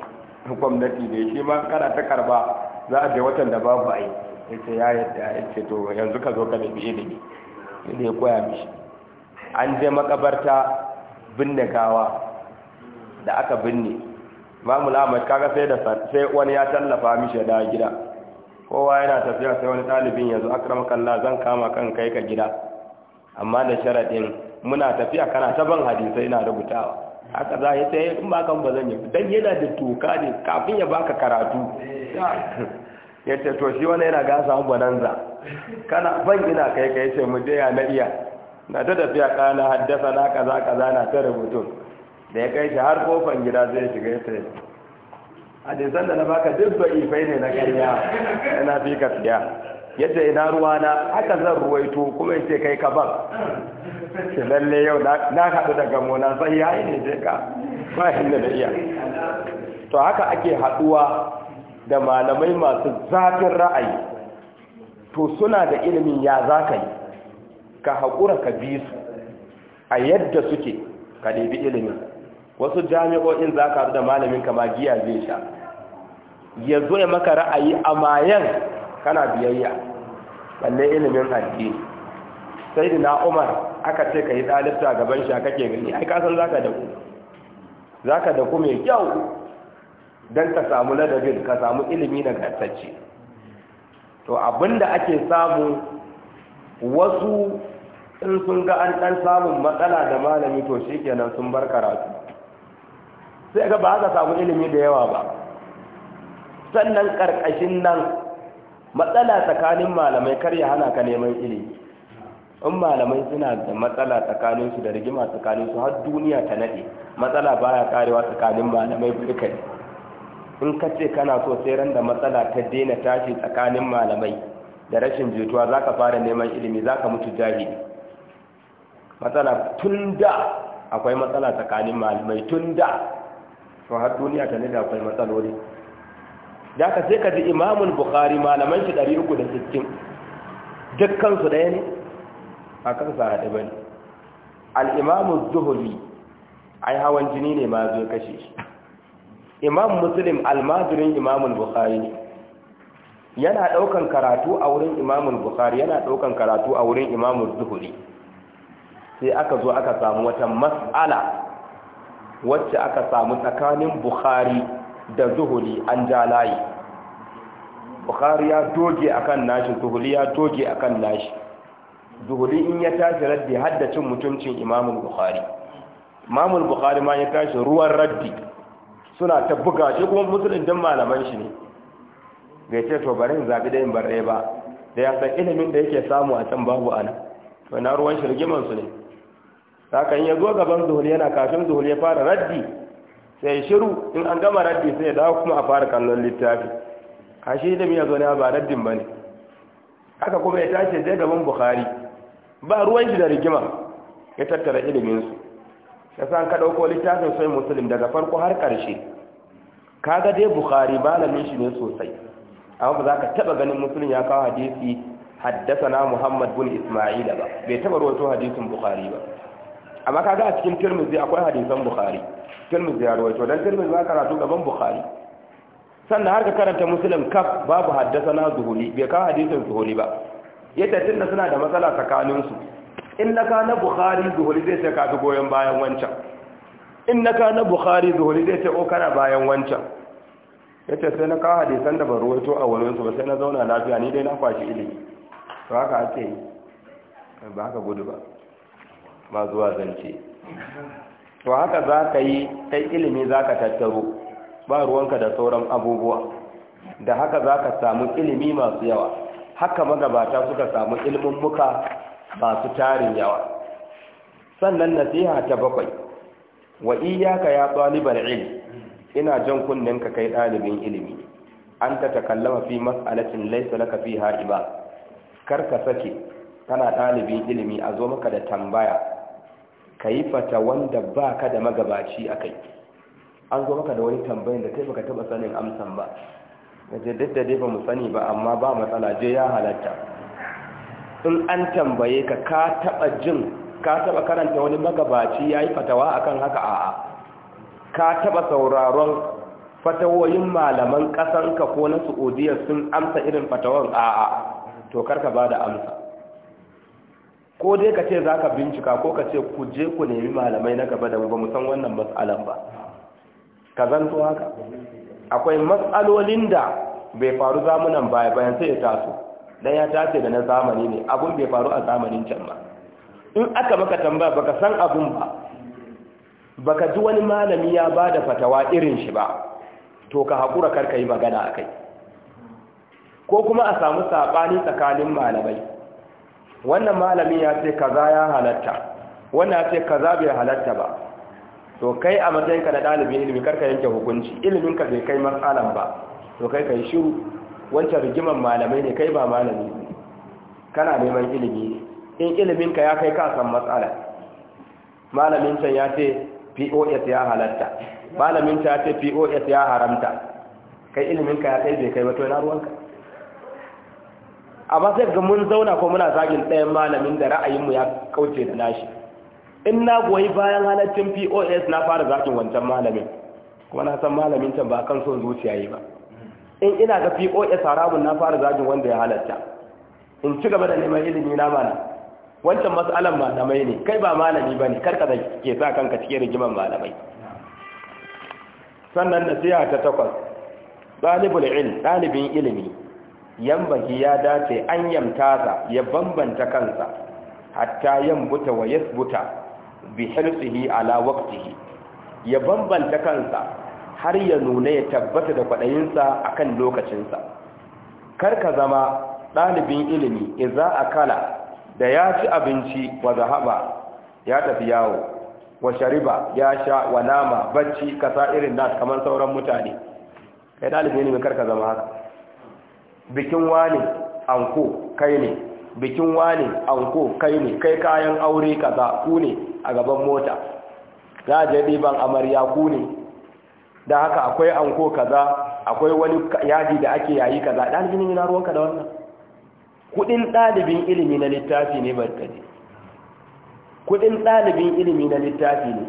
gwamnati ne shi ma kana ta karba za a je watan da babu ai ce ya yadda ce to yanzu ka zo ka nemi ilimi sai ne koya mishi an je makabarta binne gawa da aka binne imamu ahmad kaga sai da sai wani ya tallafa mishi da gida kowa yana tafiya sai wani ɗalibin yanzu akramaka kalla zan kama kan kai ka gida amma da sharadin muna tafiya kana ta ban hadisi ina rubutawa haka za ya sai in ba kan ba zan yi dan yana da toka ne kafin ya baka karatu ya ce to shi wani yana gasa bananza kana ban ina kai kai sai mu je ya na iya na ta tafiya kana haddasa na kaza kaza na ta rubutu. da ya kai shi har kofan gida zai shiga ya tsaye hadisan da na baka duk ifai ne na ƙarya yana fi ka siya yadda ina ruwa na haka zan ruwaito kuma ya ce kai ka ban shi lalle yau na haɗu da gamo na sai ya yi ne je ka ba inda da iya to haka ake haɗuwa da malamai masu zafin ra'ayi to suna da ilimin ya za ka yi ka haƙura ka bi su a yadda suke ka ɗebi ilimin wasu jami'o'in za ka da malamin kama giya zai sha ya zo ya maka ra'ayi a mayan kana biyayya balle ilimin addini sai da na'umar aka ce ka yi ɗalibta gaban shi kake gani ai kasan za ka daku za ka daku mai kyau don ka samu ladabin ka samu ilimi na gatacce to abinda ake samu wasu in sun ga an ɗan samun matsala da malami to shi sun bar karatu sai ga ba za samu ilimi da yawa ba sannan karkashin nan matsala tsakanin malamai kar ya hana ka neman ilimi in malamai suna da matsala tsakanin su da rigima tsakanin su har duniya ta nade matsala baya karewa tsakanin malamai kai in ka ce kana so sai ran da matsala ta daina tashi tsakanin malamai da rashin jituwa zaka fara neman ilimi zaka mutu jahili matsala tun da akwai matsala tsakanin malamai tun da to har duniya ta ne da akwai matsaloli da ka sai ka ji imamun bukari malaman shi 360 dukkansu ɗaya ne a sa haɗe bane ne al'imamun zuhuri ai hawan jini ne ma zo kashe shi imam muslim almajirin imamun bukari ne yana ɗaukan karatu a wurin imamun bukari yana ɗaukan karatu a wurin imamun zuhuri sai aka zo aka samu wata mas'ala wacce aka samu tsakanin bukhari da zuhuli an ja layi bukhari ya doge akan nashi zuhuli ya doge akan nashi zuhuli in ya tashi raddi haddacin mutuncin imamul bukhari imamul bukhari ma ya tashi ruwan raddi suna ta buga shi kuma musulun din malaman shi ne bai ce to barin zabi da yin bare ba da ya san ilimin da yake samu a can babu ana to na ruwan shirgiman su ne hakan ya zo gaban zuhul yana kafin zuhul ya fara raddi sai shiru in an gama raddi sai ya dawo kuma a fara kallon littafi kashi da miya zo ne ba raddin ba ne haka kuma ya tashi zai gaban bukhari ba ruwan shi da rigima ya tattara iliminsu ya san ka ɗauko littafin sai musulun daga farko har karshe kaga dai bukhari malamin shi ne sosai amma ba za ka taɓa ganin musulun ya kawo hadisi haddasa na muhammad bin isma'ila ba bai taɓa rawaito hadisin bukhari ba amma kaga a cikin tirmizi akwai hadisan bukhari tirmizi ya ruwaito dan tirmizi ba karatu gaban bukhari sannan har ka karanta muslim kaf babu na zuhuli bai kawo hadisin zuhuli ba yadda tunda suna da matsala tsakaninsu in na ka na bukhari zuhuli zai ce ka fi goyon bayan wancan in na ka na bukhari zuhuli zai ce o kana bayan wancan yace sai na kawo hadisan da ban ruwaito a su ba sai na zauna lafiya ni dai na kwashi ilimi to haka ake yi ba haka gudu ba ma zuwa zance to haka za ka yi kai ilimi za ka tattaro ba ruwanka da sauran abubuwa da haka za ka samu ilimi masu yawa haka magabata suka samu ilimin muka masu tarin yawa sannan nasiha ta bakwai wa iyaka ya tsalibar ilmi ina jan ka kai ɗalibin ilimi an ta takallama fi mas'alatin laisa laka fi haɗi ba kar ka sake kana ɗalibin ilimi a zo maka da tambaya ka yi fata wanda ba ka da magabaci a kai an zo maka da wani tambayin da kai baka taba sanin amsan ba na je duk da dai ba mu sani ba amma ba matsala je ya halatta in an tambaye ka ka taba jin ka taba karanta wani magabaci ya yi fatawa akan haka a'a ka taba sauraron fatawoyin malaman ƙasanka ko na su'udiyar sun amsa irin fatawan a'a to karka ba da amsa ko dai ka ce za ka bincika ko ka ce ku je ku nemi malamai na gaba da mu ba san wannan matsalan ba ka zanto haka akwai matsalolin da bai faru zamanin baya bayan sai ya taso dan ya tace da na zamani ne abun bai faru a zamanin can ba in aka maka tambaya baka san abun ba baka ji wani malami ya bada fatawa irin shi ba to ka haƙura karka yi magana a kai ko kuma a samu saɓani tsakanin malamai wannan malami ya ce kaza ya halatta wannan ya ce kaza bai halatta ba to kai a matsayinka na ɗalibin ilimi karka yanke hukunci ilimin ka bai kai matsalan ba to kai kai shiru wancan rigiman malamai ne kai ba malami ne kana neman ilimi in ilimin ka ya kai ka san matsala malamin can ya ce pos ya halatta malamin ta ya ce pos ya haramta kai ilimin ka ya kai bai kai ba to na ruwanka amma sai ga mun zauna ko muna zagin ɗayan malamin da ra'ayinmu ya kauce da nashi in na goyi bayan halaccin pos na fara zagin wancan malamin kuma na san malamin can ba kan son zuciya yi ba in ina ga pos haramun na fara zagin wanda ya halatta in ci gaba da neman ilimi na mana wancan matsalan malamai ne kai ba malami ba ne karka da ke sa kanka cikin rigiman malamai sannan nasiha ta takwas ɗalibul ilmi ɗalibin ilimi yambaki ya dace an yamtaza ya bambanta kansa hatta yambuta wa yasbuta bi hirsihi ala waqtihi ya bambanta kansa har ya nuna ya tabbata da kwadayinsa akan lokacinsa kar ka zama ɗalibin ilimi idza akala da ya ci abinci wa zahaba ya tafi yawo wa shariba ya sha wa nama bacci kasa irin nas kamar sauran mutane kai ɗalibin ilimi kar ka zama haka bikin wani anko kai ne bikin wani anko kai ne kai kayan aure kaza ku ne a gaban mota za a je ɗiban amarya ku ne da haka akwai anko kaza akwai wani yaji da ake yayi kaza ɗalibin yana ruwanka da wannan kudin ɗalibin ilimi na littafi ne barkaji kudin ɗalibin ilimi na littafi ne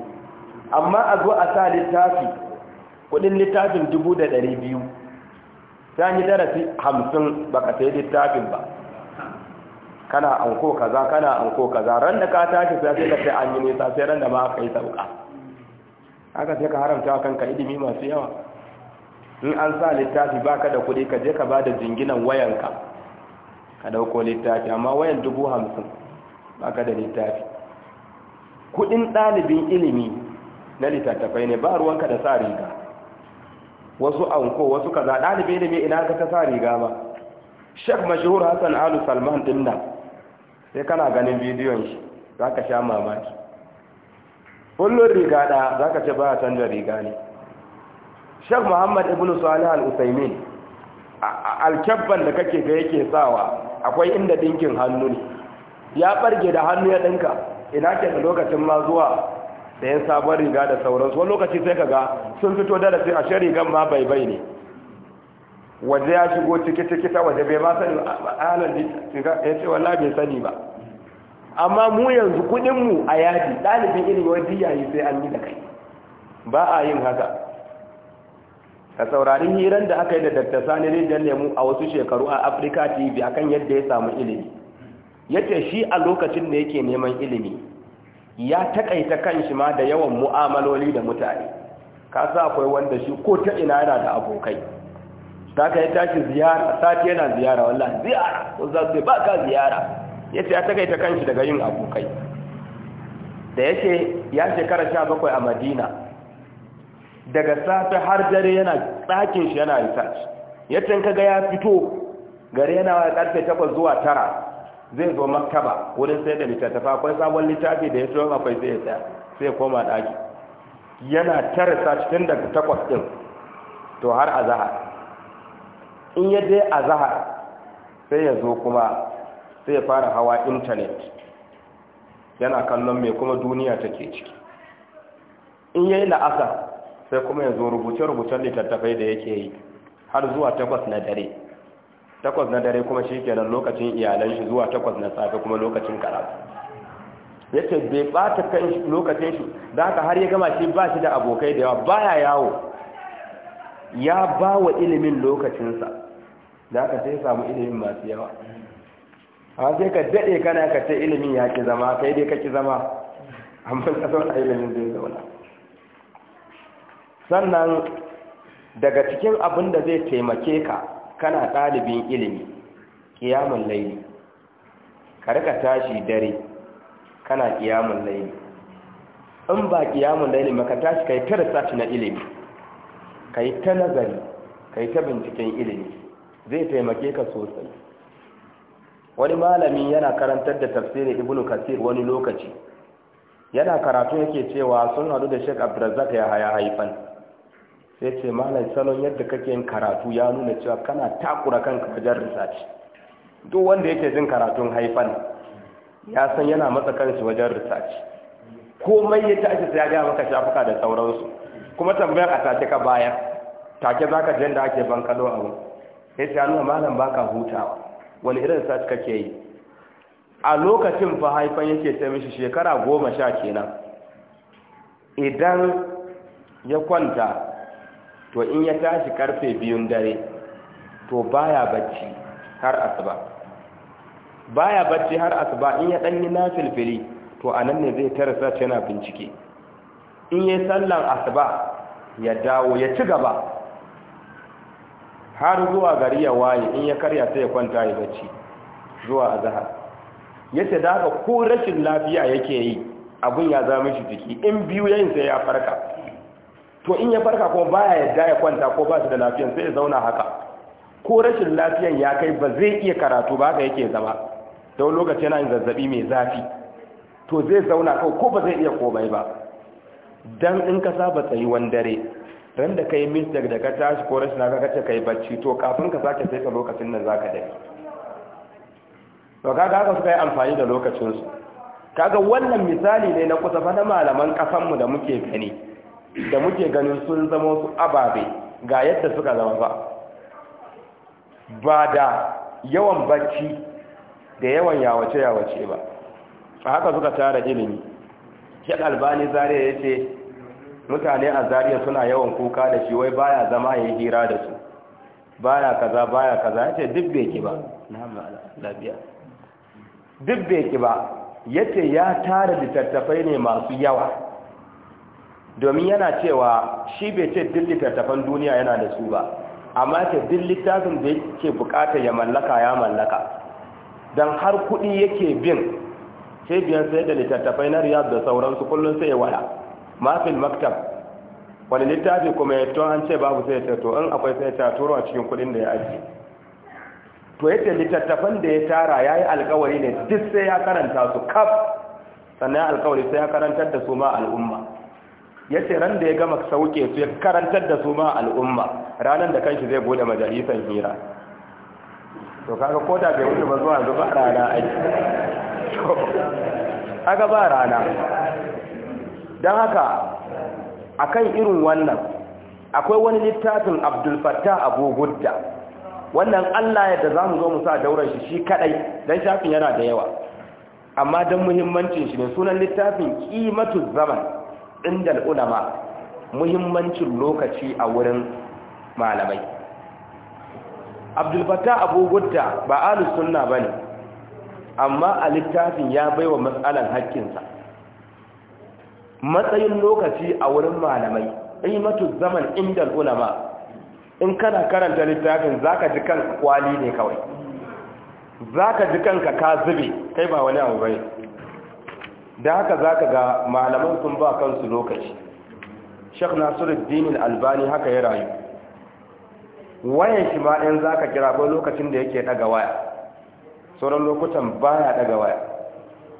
amma a zo a sa littafi kudin littafin dubu da ɗari biyu sai an yi darasi hamsin ba ka sai littafin ba kana anko kaza kana anko kaza ran da ka tashi sai sai ka sai an yi nisa sai ran da ma aka yi sauka haka sai ka haramta wa kanka ilimi masu yawa in an sa littafi ba ka da kuɗi ka je ka ba da jinginan wayanka ka dauko littafi amma wayan dubu hamsin ba ka da littafi kuɗin ɗalibin ilimi na littattafai ne ba ruwanka da sa riga wasu anko wasu kaza ɗalibi ilimi ina ka ta sa riga ba shek mashahur hassan alu salman din nan sai kana ganin bidiyon shi za ka sha mamaki kullum riga ɗaya za ka ce ba a canza riga ne shek muhammad ibn salih al-usaimin alkyabban da kake ga yake sawa akwai inda dinkin hannu ne ya ɓarge da hannu ya ɗinka ina ke da lokacin ma zuwa yin sabon riga da sauransu wani lokaci sai ga sun fito da sai a shan rigan ma bai bai ne waje ya shigo ciki ciki ta waje bai ba sani halin ya ce wallah bai sani ba amma mu yanzu mu a yadi ɗalibin ilimi wani yayi sai an yi da kai ba a yin haka ka saurari hiran da aka yi da dakta sani rijiyar lemu a wasu shekaru a afirka tv akan yadda ya samu ilimi ya ce shi a lokacin da yake neman ilimi ya takaita kanshi ma da yawan mu'amaloli da mutane ka sa akwai wanda shi ko ta ina yana da abokai ta ka yi tashi ziyara sati yana ziyara wallahi ziyara ko za su ba ka ziyara ya ce ya takaita kanshi daga yin abokai da ya ce ya shekara sha bakwai a madina daga safe har dare yana ɗakin shi yana research ya tanka ga ya fito gare yana karfe takwas zuwa tara zai zo ba wurin sai da littattafa akwai sabon littafi da ya so akwai sai ya sai koma daki yana tara sa cikin daga takwas din to har azhar in ya dai azhar sai ya zo kuma sai ya fara hawa intanet yana kallon mai kuma duniya take ciki in yayi la'asa sai kuma ya zo rubuce-rubucen littattafai da yake yi har zuwa takwas na dare takwas na dare kuma shi nan lokacin iyalan shi zuwa takwas na safe kuma lokacin karatu yace bai bata kan lokacin shi da haka har ya gama shi ba shi da abokai da yawa baya yawo ya ba wa ilimin lokacinsa da haka sai samu ilimin masu yawa a sai ka daɗe kana ka ce ilimin ya ki zama kai dai ka ki zama amma ka zauna ilimin zai zauna sannan daga cikin abin da zai taimake ka kana ɗalibin ilimi ƙiyamun laili ka rika tashi dare kana ƙiyamun laili in ba ƙiyamun laili ma tashi ka yi ta research na ilimi ka yi ta nazari ka yi ta binciken ilimi zai taimake ka sosai wani malami yana karantar da tafsirin ibnu kasir wani lokaci yana karatu yake cewa sun hadu da sheik abdurazak ya haya haifan ya ce malam salon yadda kake yin karatu ya nuna cewa kana takura kanka wajen risaci duk wanda yake jin karatun haifan ya san yana matsa kansu wajen risaci komai ya tashi sai ya gaya maka shafuka da sauransu kuma tambayar a take ka baya take za ka jin da ake bankalo a wani ya ce nuna malam baka hutawa wani irin risaci kake yi a lokacin fa haifan yake ta mishi shekara goma sha kenan idan ya kwanta to in ya tashi karfe biyun dare to baya bacci har asuba baya bacci har asuba in ya dan yi nafilfili to anan ne zai tarasa yana bincike in ya sallan asuba ya dawo ya ci gaba har zuwa gari ya waye in ya karya sai ya kwanta ya bacci zuwa azhar yace da ko rashin lafiya yake yi abun ya zama shi jiki in biyu yayin sai ya farka to in ya farka kuma baya yadda ya kwanta ko ba su da lafiyan sai ya zauna haka ko rashin lafiyan ya kai ba zai iya karatu ba haka yake zama da wani lokaci yana yin zazzabi mai zafi to zai zauna kawai ko ba zai iya komai ba dan in ka saba tsayuwan dare ran da kai mistak da ka tashi ko rashin lafiya ka yi bacci to kafin ka sake sai ka lokacin nan zaka dai to kaga haka suka yi amfani da lokacin su kaga wannan misali ne na kusa fa na malaman kasan mu da muke gani da muke ganin sun zama su ababe ga yadda suka zama ba ba da yawan bacci da yawan yawace-yawace ba a haka suka tara ilimi shek albani zariya ya ce mutane a zariya suna yawan kuka da shi wai baya zama ya hira da su baya kaza baya kaza ya ce duk beki ba duk beki ba ya ce ya tara littattafai ne masu yawa domin yana cewa shi bai ce duk littattafan duniya yana da su ba amma ke duk littafin da yake bukatar ya mallaka ya mallaka don har kuɗi yake bin sai biyan sai da littattafai na riyar da sauransu kullum sai ya wada mafi maktab wani littafi kuma ya to an ce babu sai ya to in akwai sai ya turo a cikin kudin da ya aji to yadda littattafan da ya tara ya yi alkawari ne duk sai ya karanta su kaf sannan alkawari sai ya karantar da su ma al'umma ya ce ran da ya gama sauke su ya karantar da su ma al'umma ranar da kanshi zai bude majalisar hira to kaga ko bai wuce ba zuwa zuba rana aiki kaga ba rana don haka a kan irin wannan akwai wani littafin abdul fattah abu gudda wannan allah yadda za mu zo mu sa daurar shi shi kadai don shafin yana da yawa amma don muhimmancin shi ne sunan littafin kimatu zaman inda ulama muhimmancin lokaci a wurin malamai abdulfattah abu gudda ba ahlus ba ne. amma a littafin ya baiwa matsalan haƙƙinsa matsayin lokaci a wurin malamai matu zaman inda ulama in kana karanta littafin za ka ji kan kwali ne kawai za ka ji kanka ka zube kai ba wani abu bai. da haka za ka ga malaman sun ba kansu lokaci shek nasiruddin albani haka ya rayu wayan shi ma ɗan za ka kira ko lokacin da yake ɗaga waya sauran lokutan baya ɗaga waya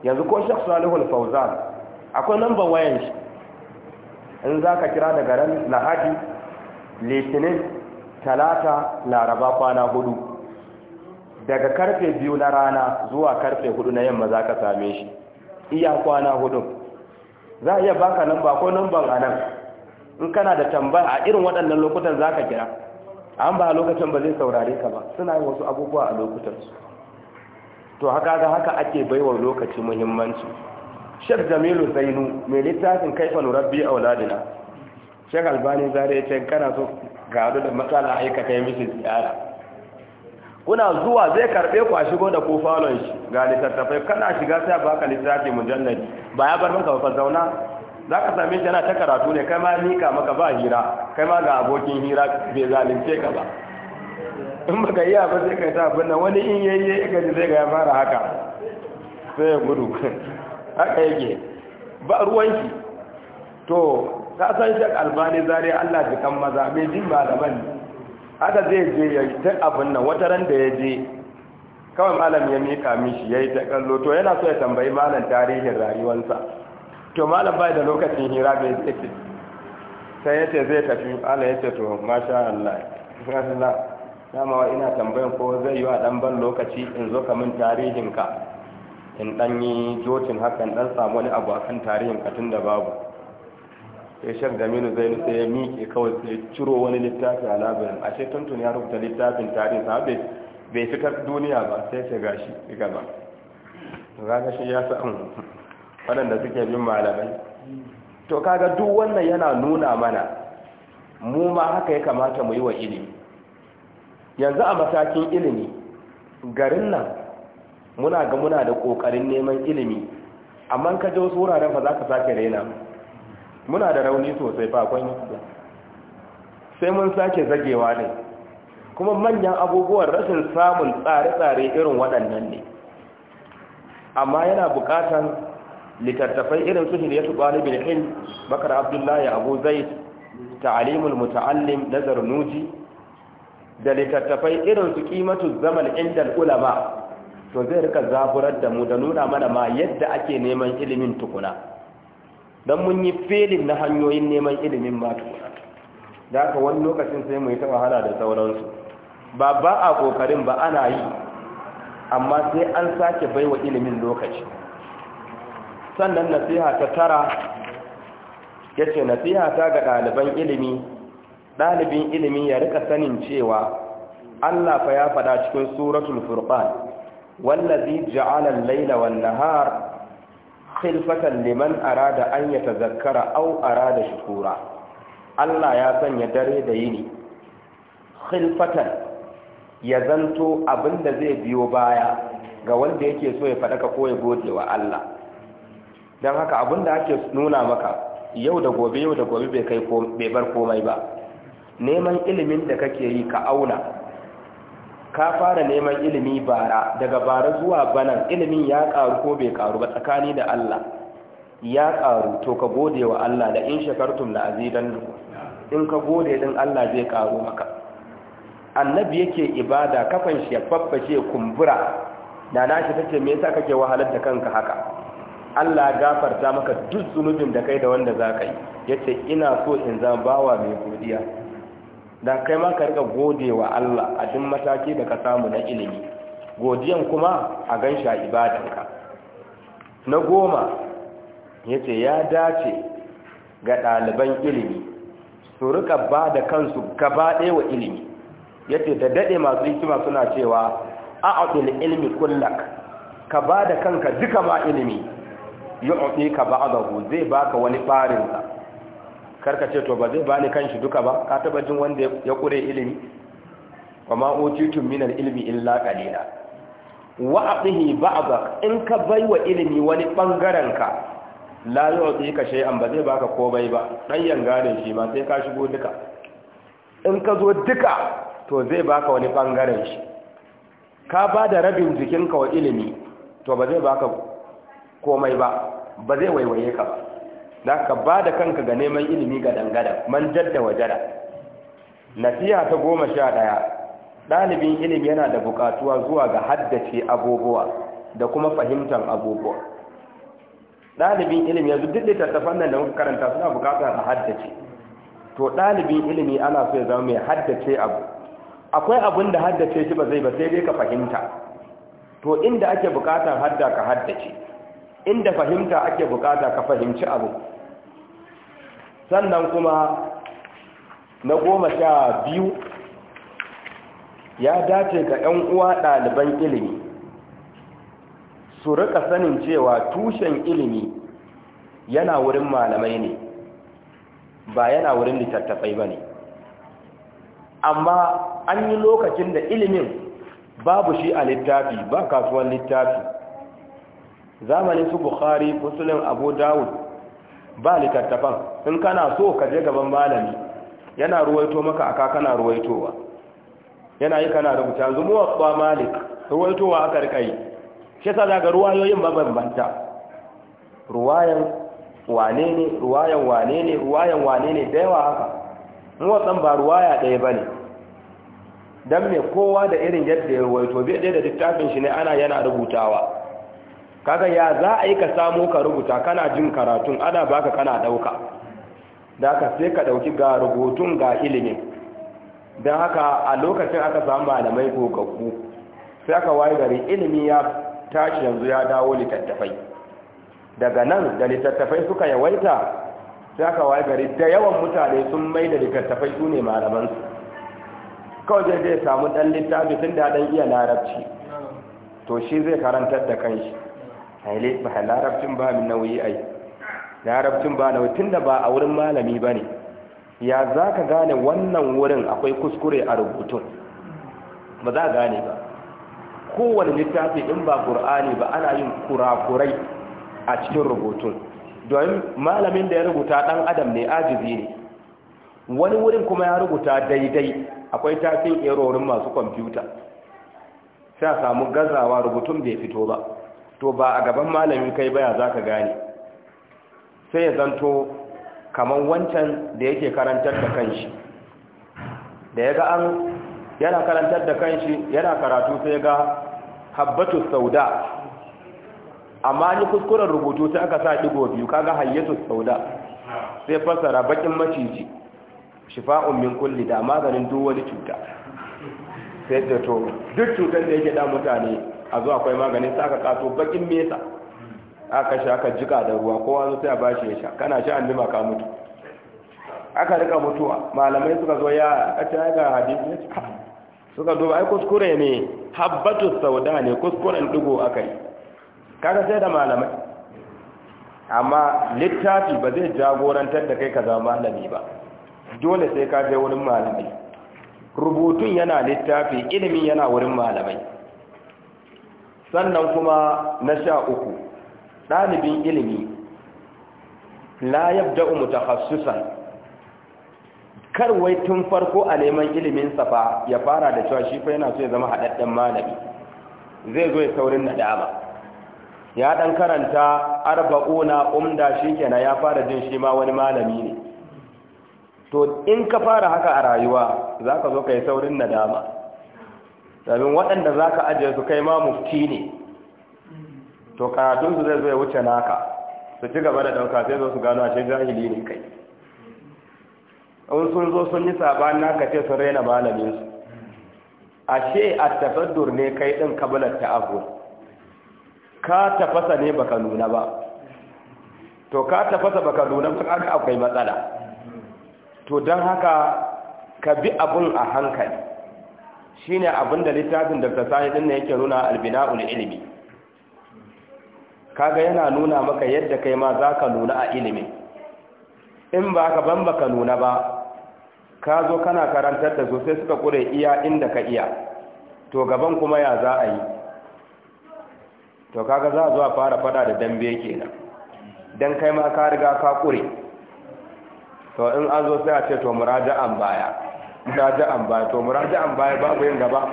yanzu ko shek salihul fauzan akwai lambar wayan shi in za ka kira daga ran lahadi litinin talata laraba kwana hudu daga karfe biyu na rana zuwa karfe hudu na yamma za ka same shi iya kwana hudu za a iya baka namba ko namban a nan in kana da tambaya a irin waɗannan lokutan za ka kira an ba lokacin ba zai saurare ka ba suna yi wasu abubuwa a lokutansu to haka ga haka ake baiwa lokaci muhimmanci shek jamilu zainu mai littafin kaifa rabbi a wuladina shek albani zare ya ce kana so gado da matsala aikata ya mishi ziyara kuna zuwa zai karbe ku a shigo da ku falon shi ga littattafai kana shiga sai baka littafi mujalladi ba ya bar maka ba zauna za ka same shi yana ta karatu ne kai ma mika maka ba hira kai ma ga abokin hira bai zalunce ka ba in ba ka yi ba sai yi ta abin nan wani in yayi yi ka ji zai ga ya fara haka sai ya gudu haka yake ba shi to ka san shi albani zare Allah jikan maza mai jin malaman ne haka zai je ya yi ta abin nan wata ran da ya je kawai malam ya mika mishi ya yi ta kallo to yana so ya tambayi malam tarihin rayuwarsa to malam bai da lokacin hira bai tsaki sai ya ce zai tafi malam ya ce to masha Allah Allah dama ina tambayan ko zai yi wa dan ban lokaci in zo ka min tarihin ka in dan yi jotin hakan dan samu wani abu akan tarihin ka da babu ya shan gaminu zai nusa ya miƙe kawai sai ciro wani littafi a labirin ashe tuntun ya rubuta littafin tarihin sa bai fitar duniya ba sai sai gashi gaba kaga shi ya san waɗanda suke bin malamai to kaga duk wannan yana nuna mana mu ma haka ya kamata mu yi wa ilimi yanzu a matakin ilimi garin nan muna ga muna da ƙoƙarin neman ilimi amma ka je wasu wuraren fa za ka sake rena. muna da rauni sosai ba kwan sai mun sake zagewa ne kuma manyan abubuwan rashin samun tsare-tsare irin waɗannan ne amma yana buƙatan littattafai irin su hilyatu ɗalibin ilm bakar abdullahi abu zai ta'alimul muta'allim na zarnuji da littattafai irin su kimatu zaman inda ulama to zai rika zaburar da mu da nuna mana ma yadda ake neman ilimin tukuna don mun yi felin na hanyoyin neman ilimin mata da haka wani lokacin sai mu yi ta wahala da sauransu ba ba a kokarin ba ana yi amma sai an sake baiwa ilimin lokaci sannan nasiha ta tara ya ce nasiha ta ga ɗaliban ilimi ɗalibin ilimi ya rika sanin cewa allah fa ya faɗa cikin suratul furqan wallazi ja'ala al-laila wan-nahar khilfatan liman arada an yatazakkara zakkara au arada shukura Allah ya sanya dare da yini khilfatan ya zanto abinda zai biyo baya ga wanda yake so ya faɗaka ko ya gode wa Allah don haka abinda ake nuna maka yau da gobe yau da gobe bai bar komai ba neman ilimin da kake yi ka auna ka fara neman ilimi bara daga bara zuwa banan ilimin ya karu ko bai karu ba tsakani da Allah ya karu to ka gode wa Allah da in shakartum la azidan in ka gode din Allah zai karu maka annabi yake ibada kafan shi ya faffashe kumbura da shi tace me yasa kake wahalar da kanka haka Allah gafarta maka duk zunubin da kai da wanda zaka yi yace ina so in zama bawa mai godiya da kai ma ka rika gode wa Allah a duk mataki da ka samu na ilimi godiyan kuma a gansha ibadanka na goma yace ya dace ga ɗaliban ilimi su rika ba da kansu gaba ɗaya wa ilimi yace da daɗe masu hikima suna cewa a'til ilmi kullak ka ba da kanka duka ma ilimi yu'ti ka ba'dahu zai baka wani farin karka ce to ba zai bani kanshi duka ba ka taba jin wanda ya kure ilimi kuma utitu min ilmi illa qalila wa atihi ba'dha in ka baiwa ilimi wani bangaren ka la yu'ti ka shay'an ba zai baka komai ba dan yanga da shi ma sai ka shigo duka in ka zo duka to zai baka wani bangaren shi ka ba da rabin jikinka wa ilimi to ba zai baka komai ba ba zai waiwaye ka ba da ka ba da kanka ga neman ilimi ga dangada man jadda wajada nasiha ta goma sha ɗaya ɗalibin ilimi yana da buƙatuwa zuwa ga haddace abubuwa da kuma fahimtar abubuwa ɗalibin ilimi yanzu duk littattafan nan da muka karanta suna buƙatar a haddace to ɗalibin ilimi ana so ya zama mai haddace abu akwai abin da haddace shi ba zai ba sai dai ka fahimta to inda ake buƙatar hadda ka haddace inda fahimta ake bukata ka fahimci abu sannan kuma na goma sha biyu ya dace ga 'yan uwa ɗaliban ilimi su rika sanin cewa tushen ilimi yana wurin malamai ne ba yana wurin littattafai ba ne amma an yi lokacin da ilimin babu shi a littafi ba kasuwan littafi zamanin su bukhari musulun abu dawud ba littattafan in kana so ka je gaban malami yana ruwaito maka aka kana ruwaitowa yana yi kana rubuta yanzu kwa malik ruwaitowa a karkai shi sa daga ruwayoyin mabambanta ruwayan wane ne ruwayan wane ne ruwayan wane ne da yawa haka muwatsan ba ruwaya ɗaya ba ne don mai kowa da irin yadda ya ruwaito bai ɗaya da littafin shi ne ana yana rubutawa kaga ya za a yi ka samu ka rubuta kana jin karatun ana baka kana ɗauka da haka sai ka ɗauki ga rubutun ga ilimin don haka a lokacin aka samu malamai gogaggu sai aka waye gari ilimi ya tashi yanzu ya dawo littattafai daga nan da littattafai suka yawaita sai aka waye gari da yawan mutane sun mai da littattafai su ne malamansu kawai zai zai samu ɗan littafi tun da ɗan iya larabci to shi zai karantar da kanshi haile ba larabcin ba min nauyi ai larabcin ba nauyi tunda ba a wurin malami ba ya za gane wannan wurin akwai kuskure a rubutun ba za a gane ba kowane littafi in ba ƙur'ani ba ana yin kurakurai a cikin rubutun domin malamin da ya rubuta ɗan adam ne ajizi ne wani wurin kuma ya rubuta daidai akwai tafin erorin masu kwamfuta sai a samu gazawa rubutun bai fito ba to ba a gaban malamin kai baya za ka gane sai ya zanto kamar wancan da yake karantar da kanshi da ya ga an yana karantar da kanshi yana karatu sai ga habbatus sauda amma ni kuskuren rubutu sai aka sa digo biyu kaga hayyatus sauda sai fasara bakin maciji shifa'un min kulli da maganin duk wani cuta sai da to duk cutar da yake da mutane a zo akwai magani sai aka kato bakin mesa aka sha aka jika da ruwa kowa zo sai a bashi ya sha kana sha an ka mutu aka rika mutuwa malamai suka zo ya aka ga hadisi suka zo ai kuskure ne habbatu sauda ne kuskuren dugo akai kaga sai da malamai amma littafi ba zai jagorantar da kai ka zama malami ba dole sai ka je wurin malamai rubutun yana littafi ilimin yana wurin malamai sannan kuma na sha uku ɗalibin ilimi la yabda mutakhassisan kar wai tun farko a neman ilimin safa ya fara da cewa shi fa yana so ya zama haɗaɗɗen malami zai zo ya saurin na dama. ya ɗan karanta arba'una umda shikenan ya fara jin shi ma wani malami ne to in ka fara haka a rayuwa za ka zo ka yi saurin nadama domin waɗanda za ka ajiye su kai ma mufti ne to karatunsu zai zai wuce naka su ci gaba da ɗauka sai zo su gano a ashe jahili ne kai in sun zo sun yi saɓanin naka ce sun raina malaminsu ashe a tafaddur ne kai ɗin kabilar ta'abu ka tafasa ne baka nuna ba to ka tafasa baka nuna ba kaga akwai matsala to don haka ka bi abun a hankali shine abin da littafin da Sani din ne yake nuna albina'ul ilimi kaga yana nuna maka yadda kai ma ka nuna a ilimi in ba ka ban ba ka nuna ba ka zo kana karantar da su suka kure iya inda ka iya to gaban kuma ya za a yi to kaga za a zo a fara fada da dambe kenan Don kai ma ka riga ka kure to in an zo sai a ce to muraja'an baya muraja'an baya to muraja'an baya babu yin gaba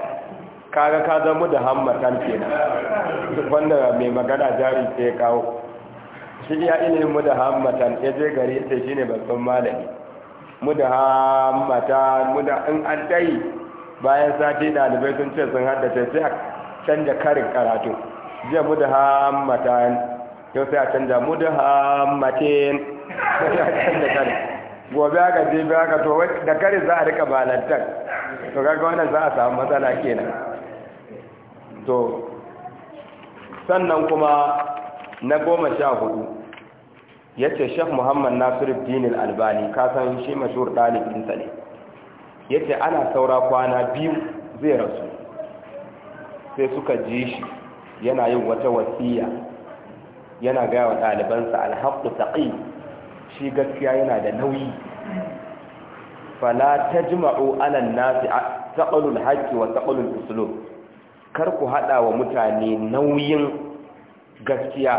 kaga ka zama da hammatan kenan duk wanda mai magana jari sai kawo shi ya ilimin mu da hammatan ya je gari sai shine babban malami mu da hammata mu da in an dai bayan sati dalibai sun ce sun haddace sai a canja karin karatu jiya mu da hammatan yau sai a canja mu da hammatin sai a canja karin gobe aka je biya aka to da kare za a rika balantar to kaga wannan za a samu matsala kenan to sannan kuma na goma sha hudu ya ce shek muhammad nasiru dini albani kasan shi mashur ɗalibinsa ne ya ce ana saura kwana biyu zai rasu sai suka ji shi yana yin wata wasiya yana gaya wa ɗalibansa alhaƙu taƙi shi gaskiya yana da nauyi fala tajma'u ala nasi taqalul haƙƙi wa taqalul uslub kar ku haɗa wa mutane nauyin gaskiya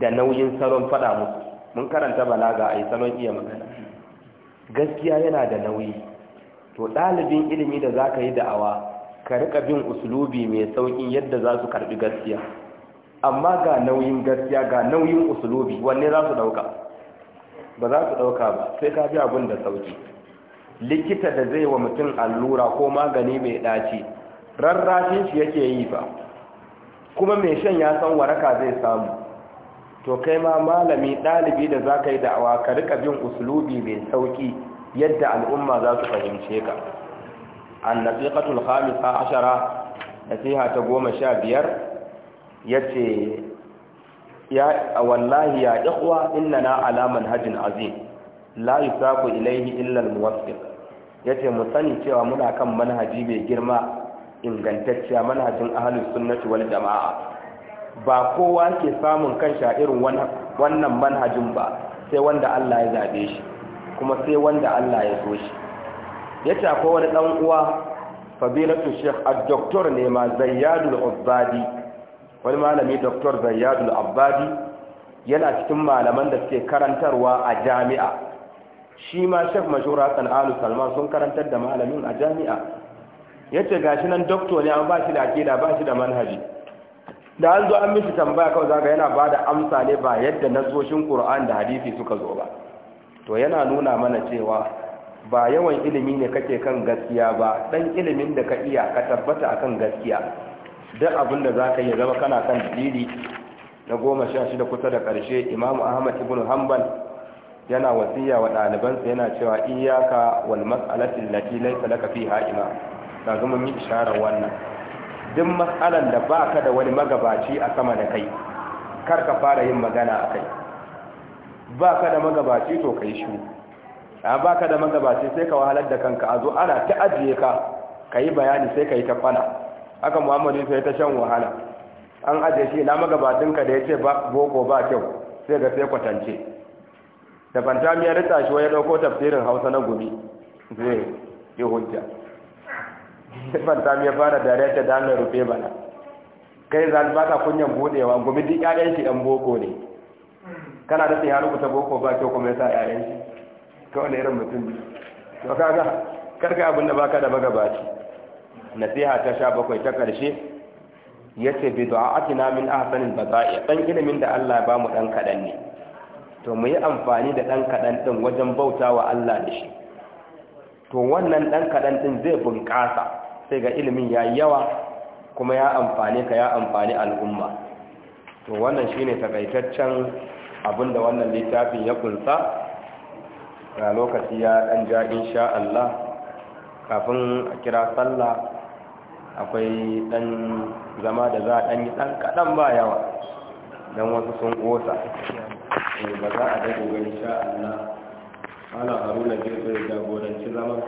da nauyin salon fada musu mun karanta balaga ai salon iya magana gaskiya yana da nauyi to ɗalibin ilimi da zaka yi da'awa ka rika bin uslubi mai sauƙin yadda za su karbi gaskiya amma ga nauyin gaskiya ga nauyin uslubi wanne za su dauka ba za su ɗauka ba sai ka bi abin da sauki likita da zai wa mutum allura ko magani mai ɗaci rarrashin shi yake yi ba. kuma mai shan ya san waraka zai samu to kai ma malami ɗalibi da za ka yi da'awa ka rika bin uslubi mai sauki yadda al'umma za su fahimce ka an hamis a ashara nasiha ta goma sha biyar yace ya wallahi ya ikhwa innana ala manhajin azim la yusaku ilayhi illa almuwaffiq yace mu sani cewa muna kan manhaji mai girma ingantacciya manhajin ahlus sunnati wal jamaa ba kowa ke samun kan irin wannan manhajin ba sai wanda Allah ya zabe shi kuma sai wanda Allah ya so shi yace akwai wani dan uwa fadilatu sheikh ad-doktor ne ma zayyadul ubbadi wani malami dr zayyadul Abadi yana cikin malaman da suke karantarwa a jami'a shi ma shek mashura Alu salman sun karantar da malamin a jami'a ya ce gashi nan doktor ne an ba shi da akida ba shi da manhaji da an zo an mishi tambaya kawai zaga yana ba da amsa ne ba yadda nasoshin ƙur'an da hadisi suka zo ba to yana nuna mana cewa ba yawan ilimi ne kake kan gaskiya ba dan ilimin da ka iya ka tabbata a kan gaskiya duk abin da za ka yi zama kana kan dalili na goma sha shida kusa da ƙarshe imamu ahmad ibn hanbal yana wasiya wa ɗalibansa yana cewa iyaka wal mas'alati allati laysa laka fiha ima ka ga mun isharar wannan duk mas'alan da baka da wani magabaci a sama da kai kar ka fara yin magana a kai baka da magabaci to kai shi a baka da magabaci sai ka wahalar da kanka a zo ana ta ajiye ka yi bayani sai kai ta fana haka muhammadu sai ta shan wahala an aje shi na ka da ya ce boko ba kyau sai ga sai kwatance da fantami ya rita shi wani dauko tafsirin hausa na gumi zai yi hujja fantami ya fara dare ta damar rufe bana kai zan ba ka kunyan budewa gumi duk ƴaƴan shi ɗan boko ne kana da tsaya rubuta boko ba kyau kuma ya sa ƴaƴan shi kawai irin mutum to kaga karka abin da baka da magabaci nasiha ta sha bakwai ta ƙarshe ya ce bi du'a'atina min a iya. ɗan ilimin da Allah ba mu ɗan kaɗan ne to mu yi amfani da ɗan kaɗan ɗin wajen bauta wa Allah da shi to wannan ɗan kaɗan ɗin zai bunƙasa sai ga ilimin ya yawa kuma ya amfani ka ya amfani al'umma to wannan shine takaitaccen abin da wannan littafin ya kunsa ga lokaci ya ɗan ja insha Allah kafin a kira sallah akwai ɗan zama da za a ɗan yi ɗan kaɗan ba yawa dan wasu sun ƙosa eh, ba za a daga wani sha'an allah ana haruna jirgin jagoranci zama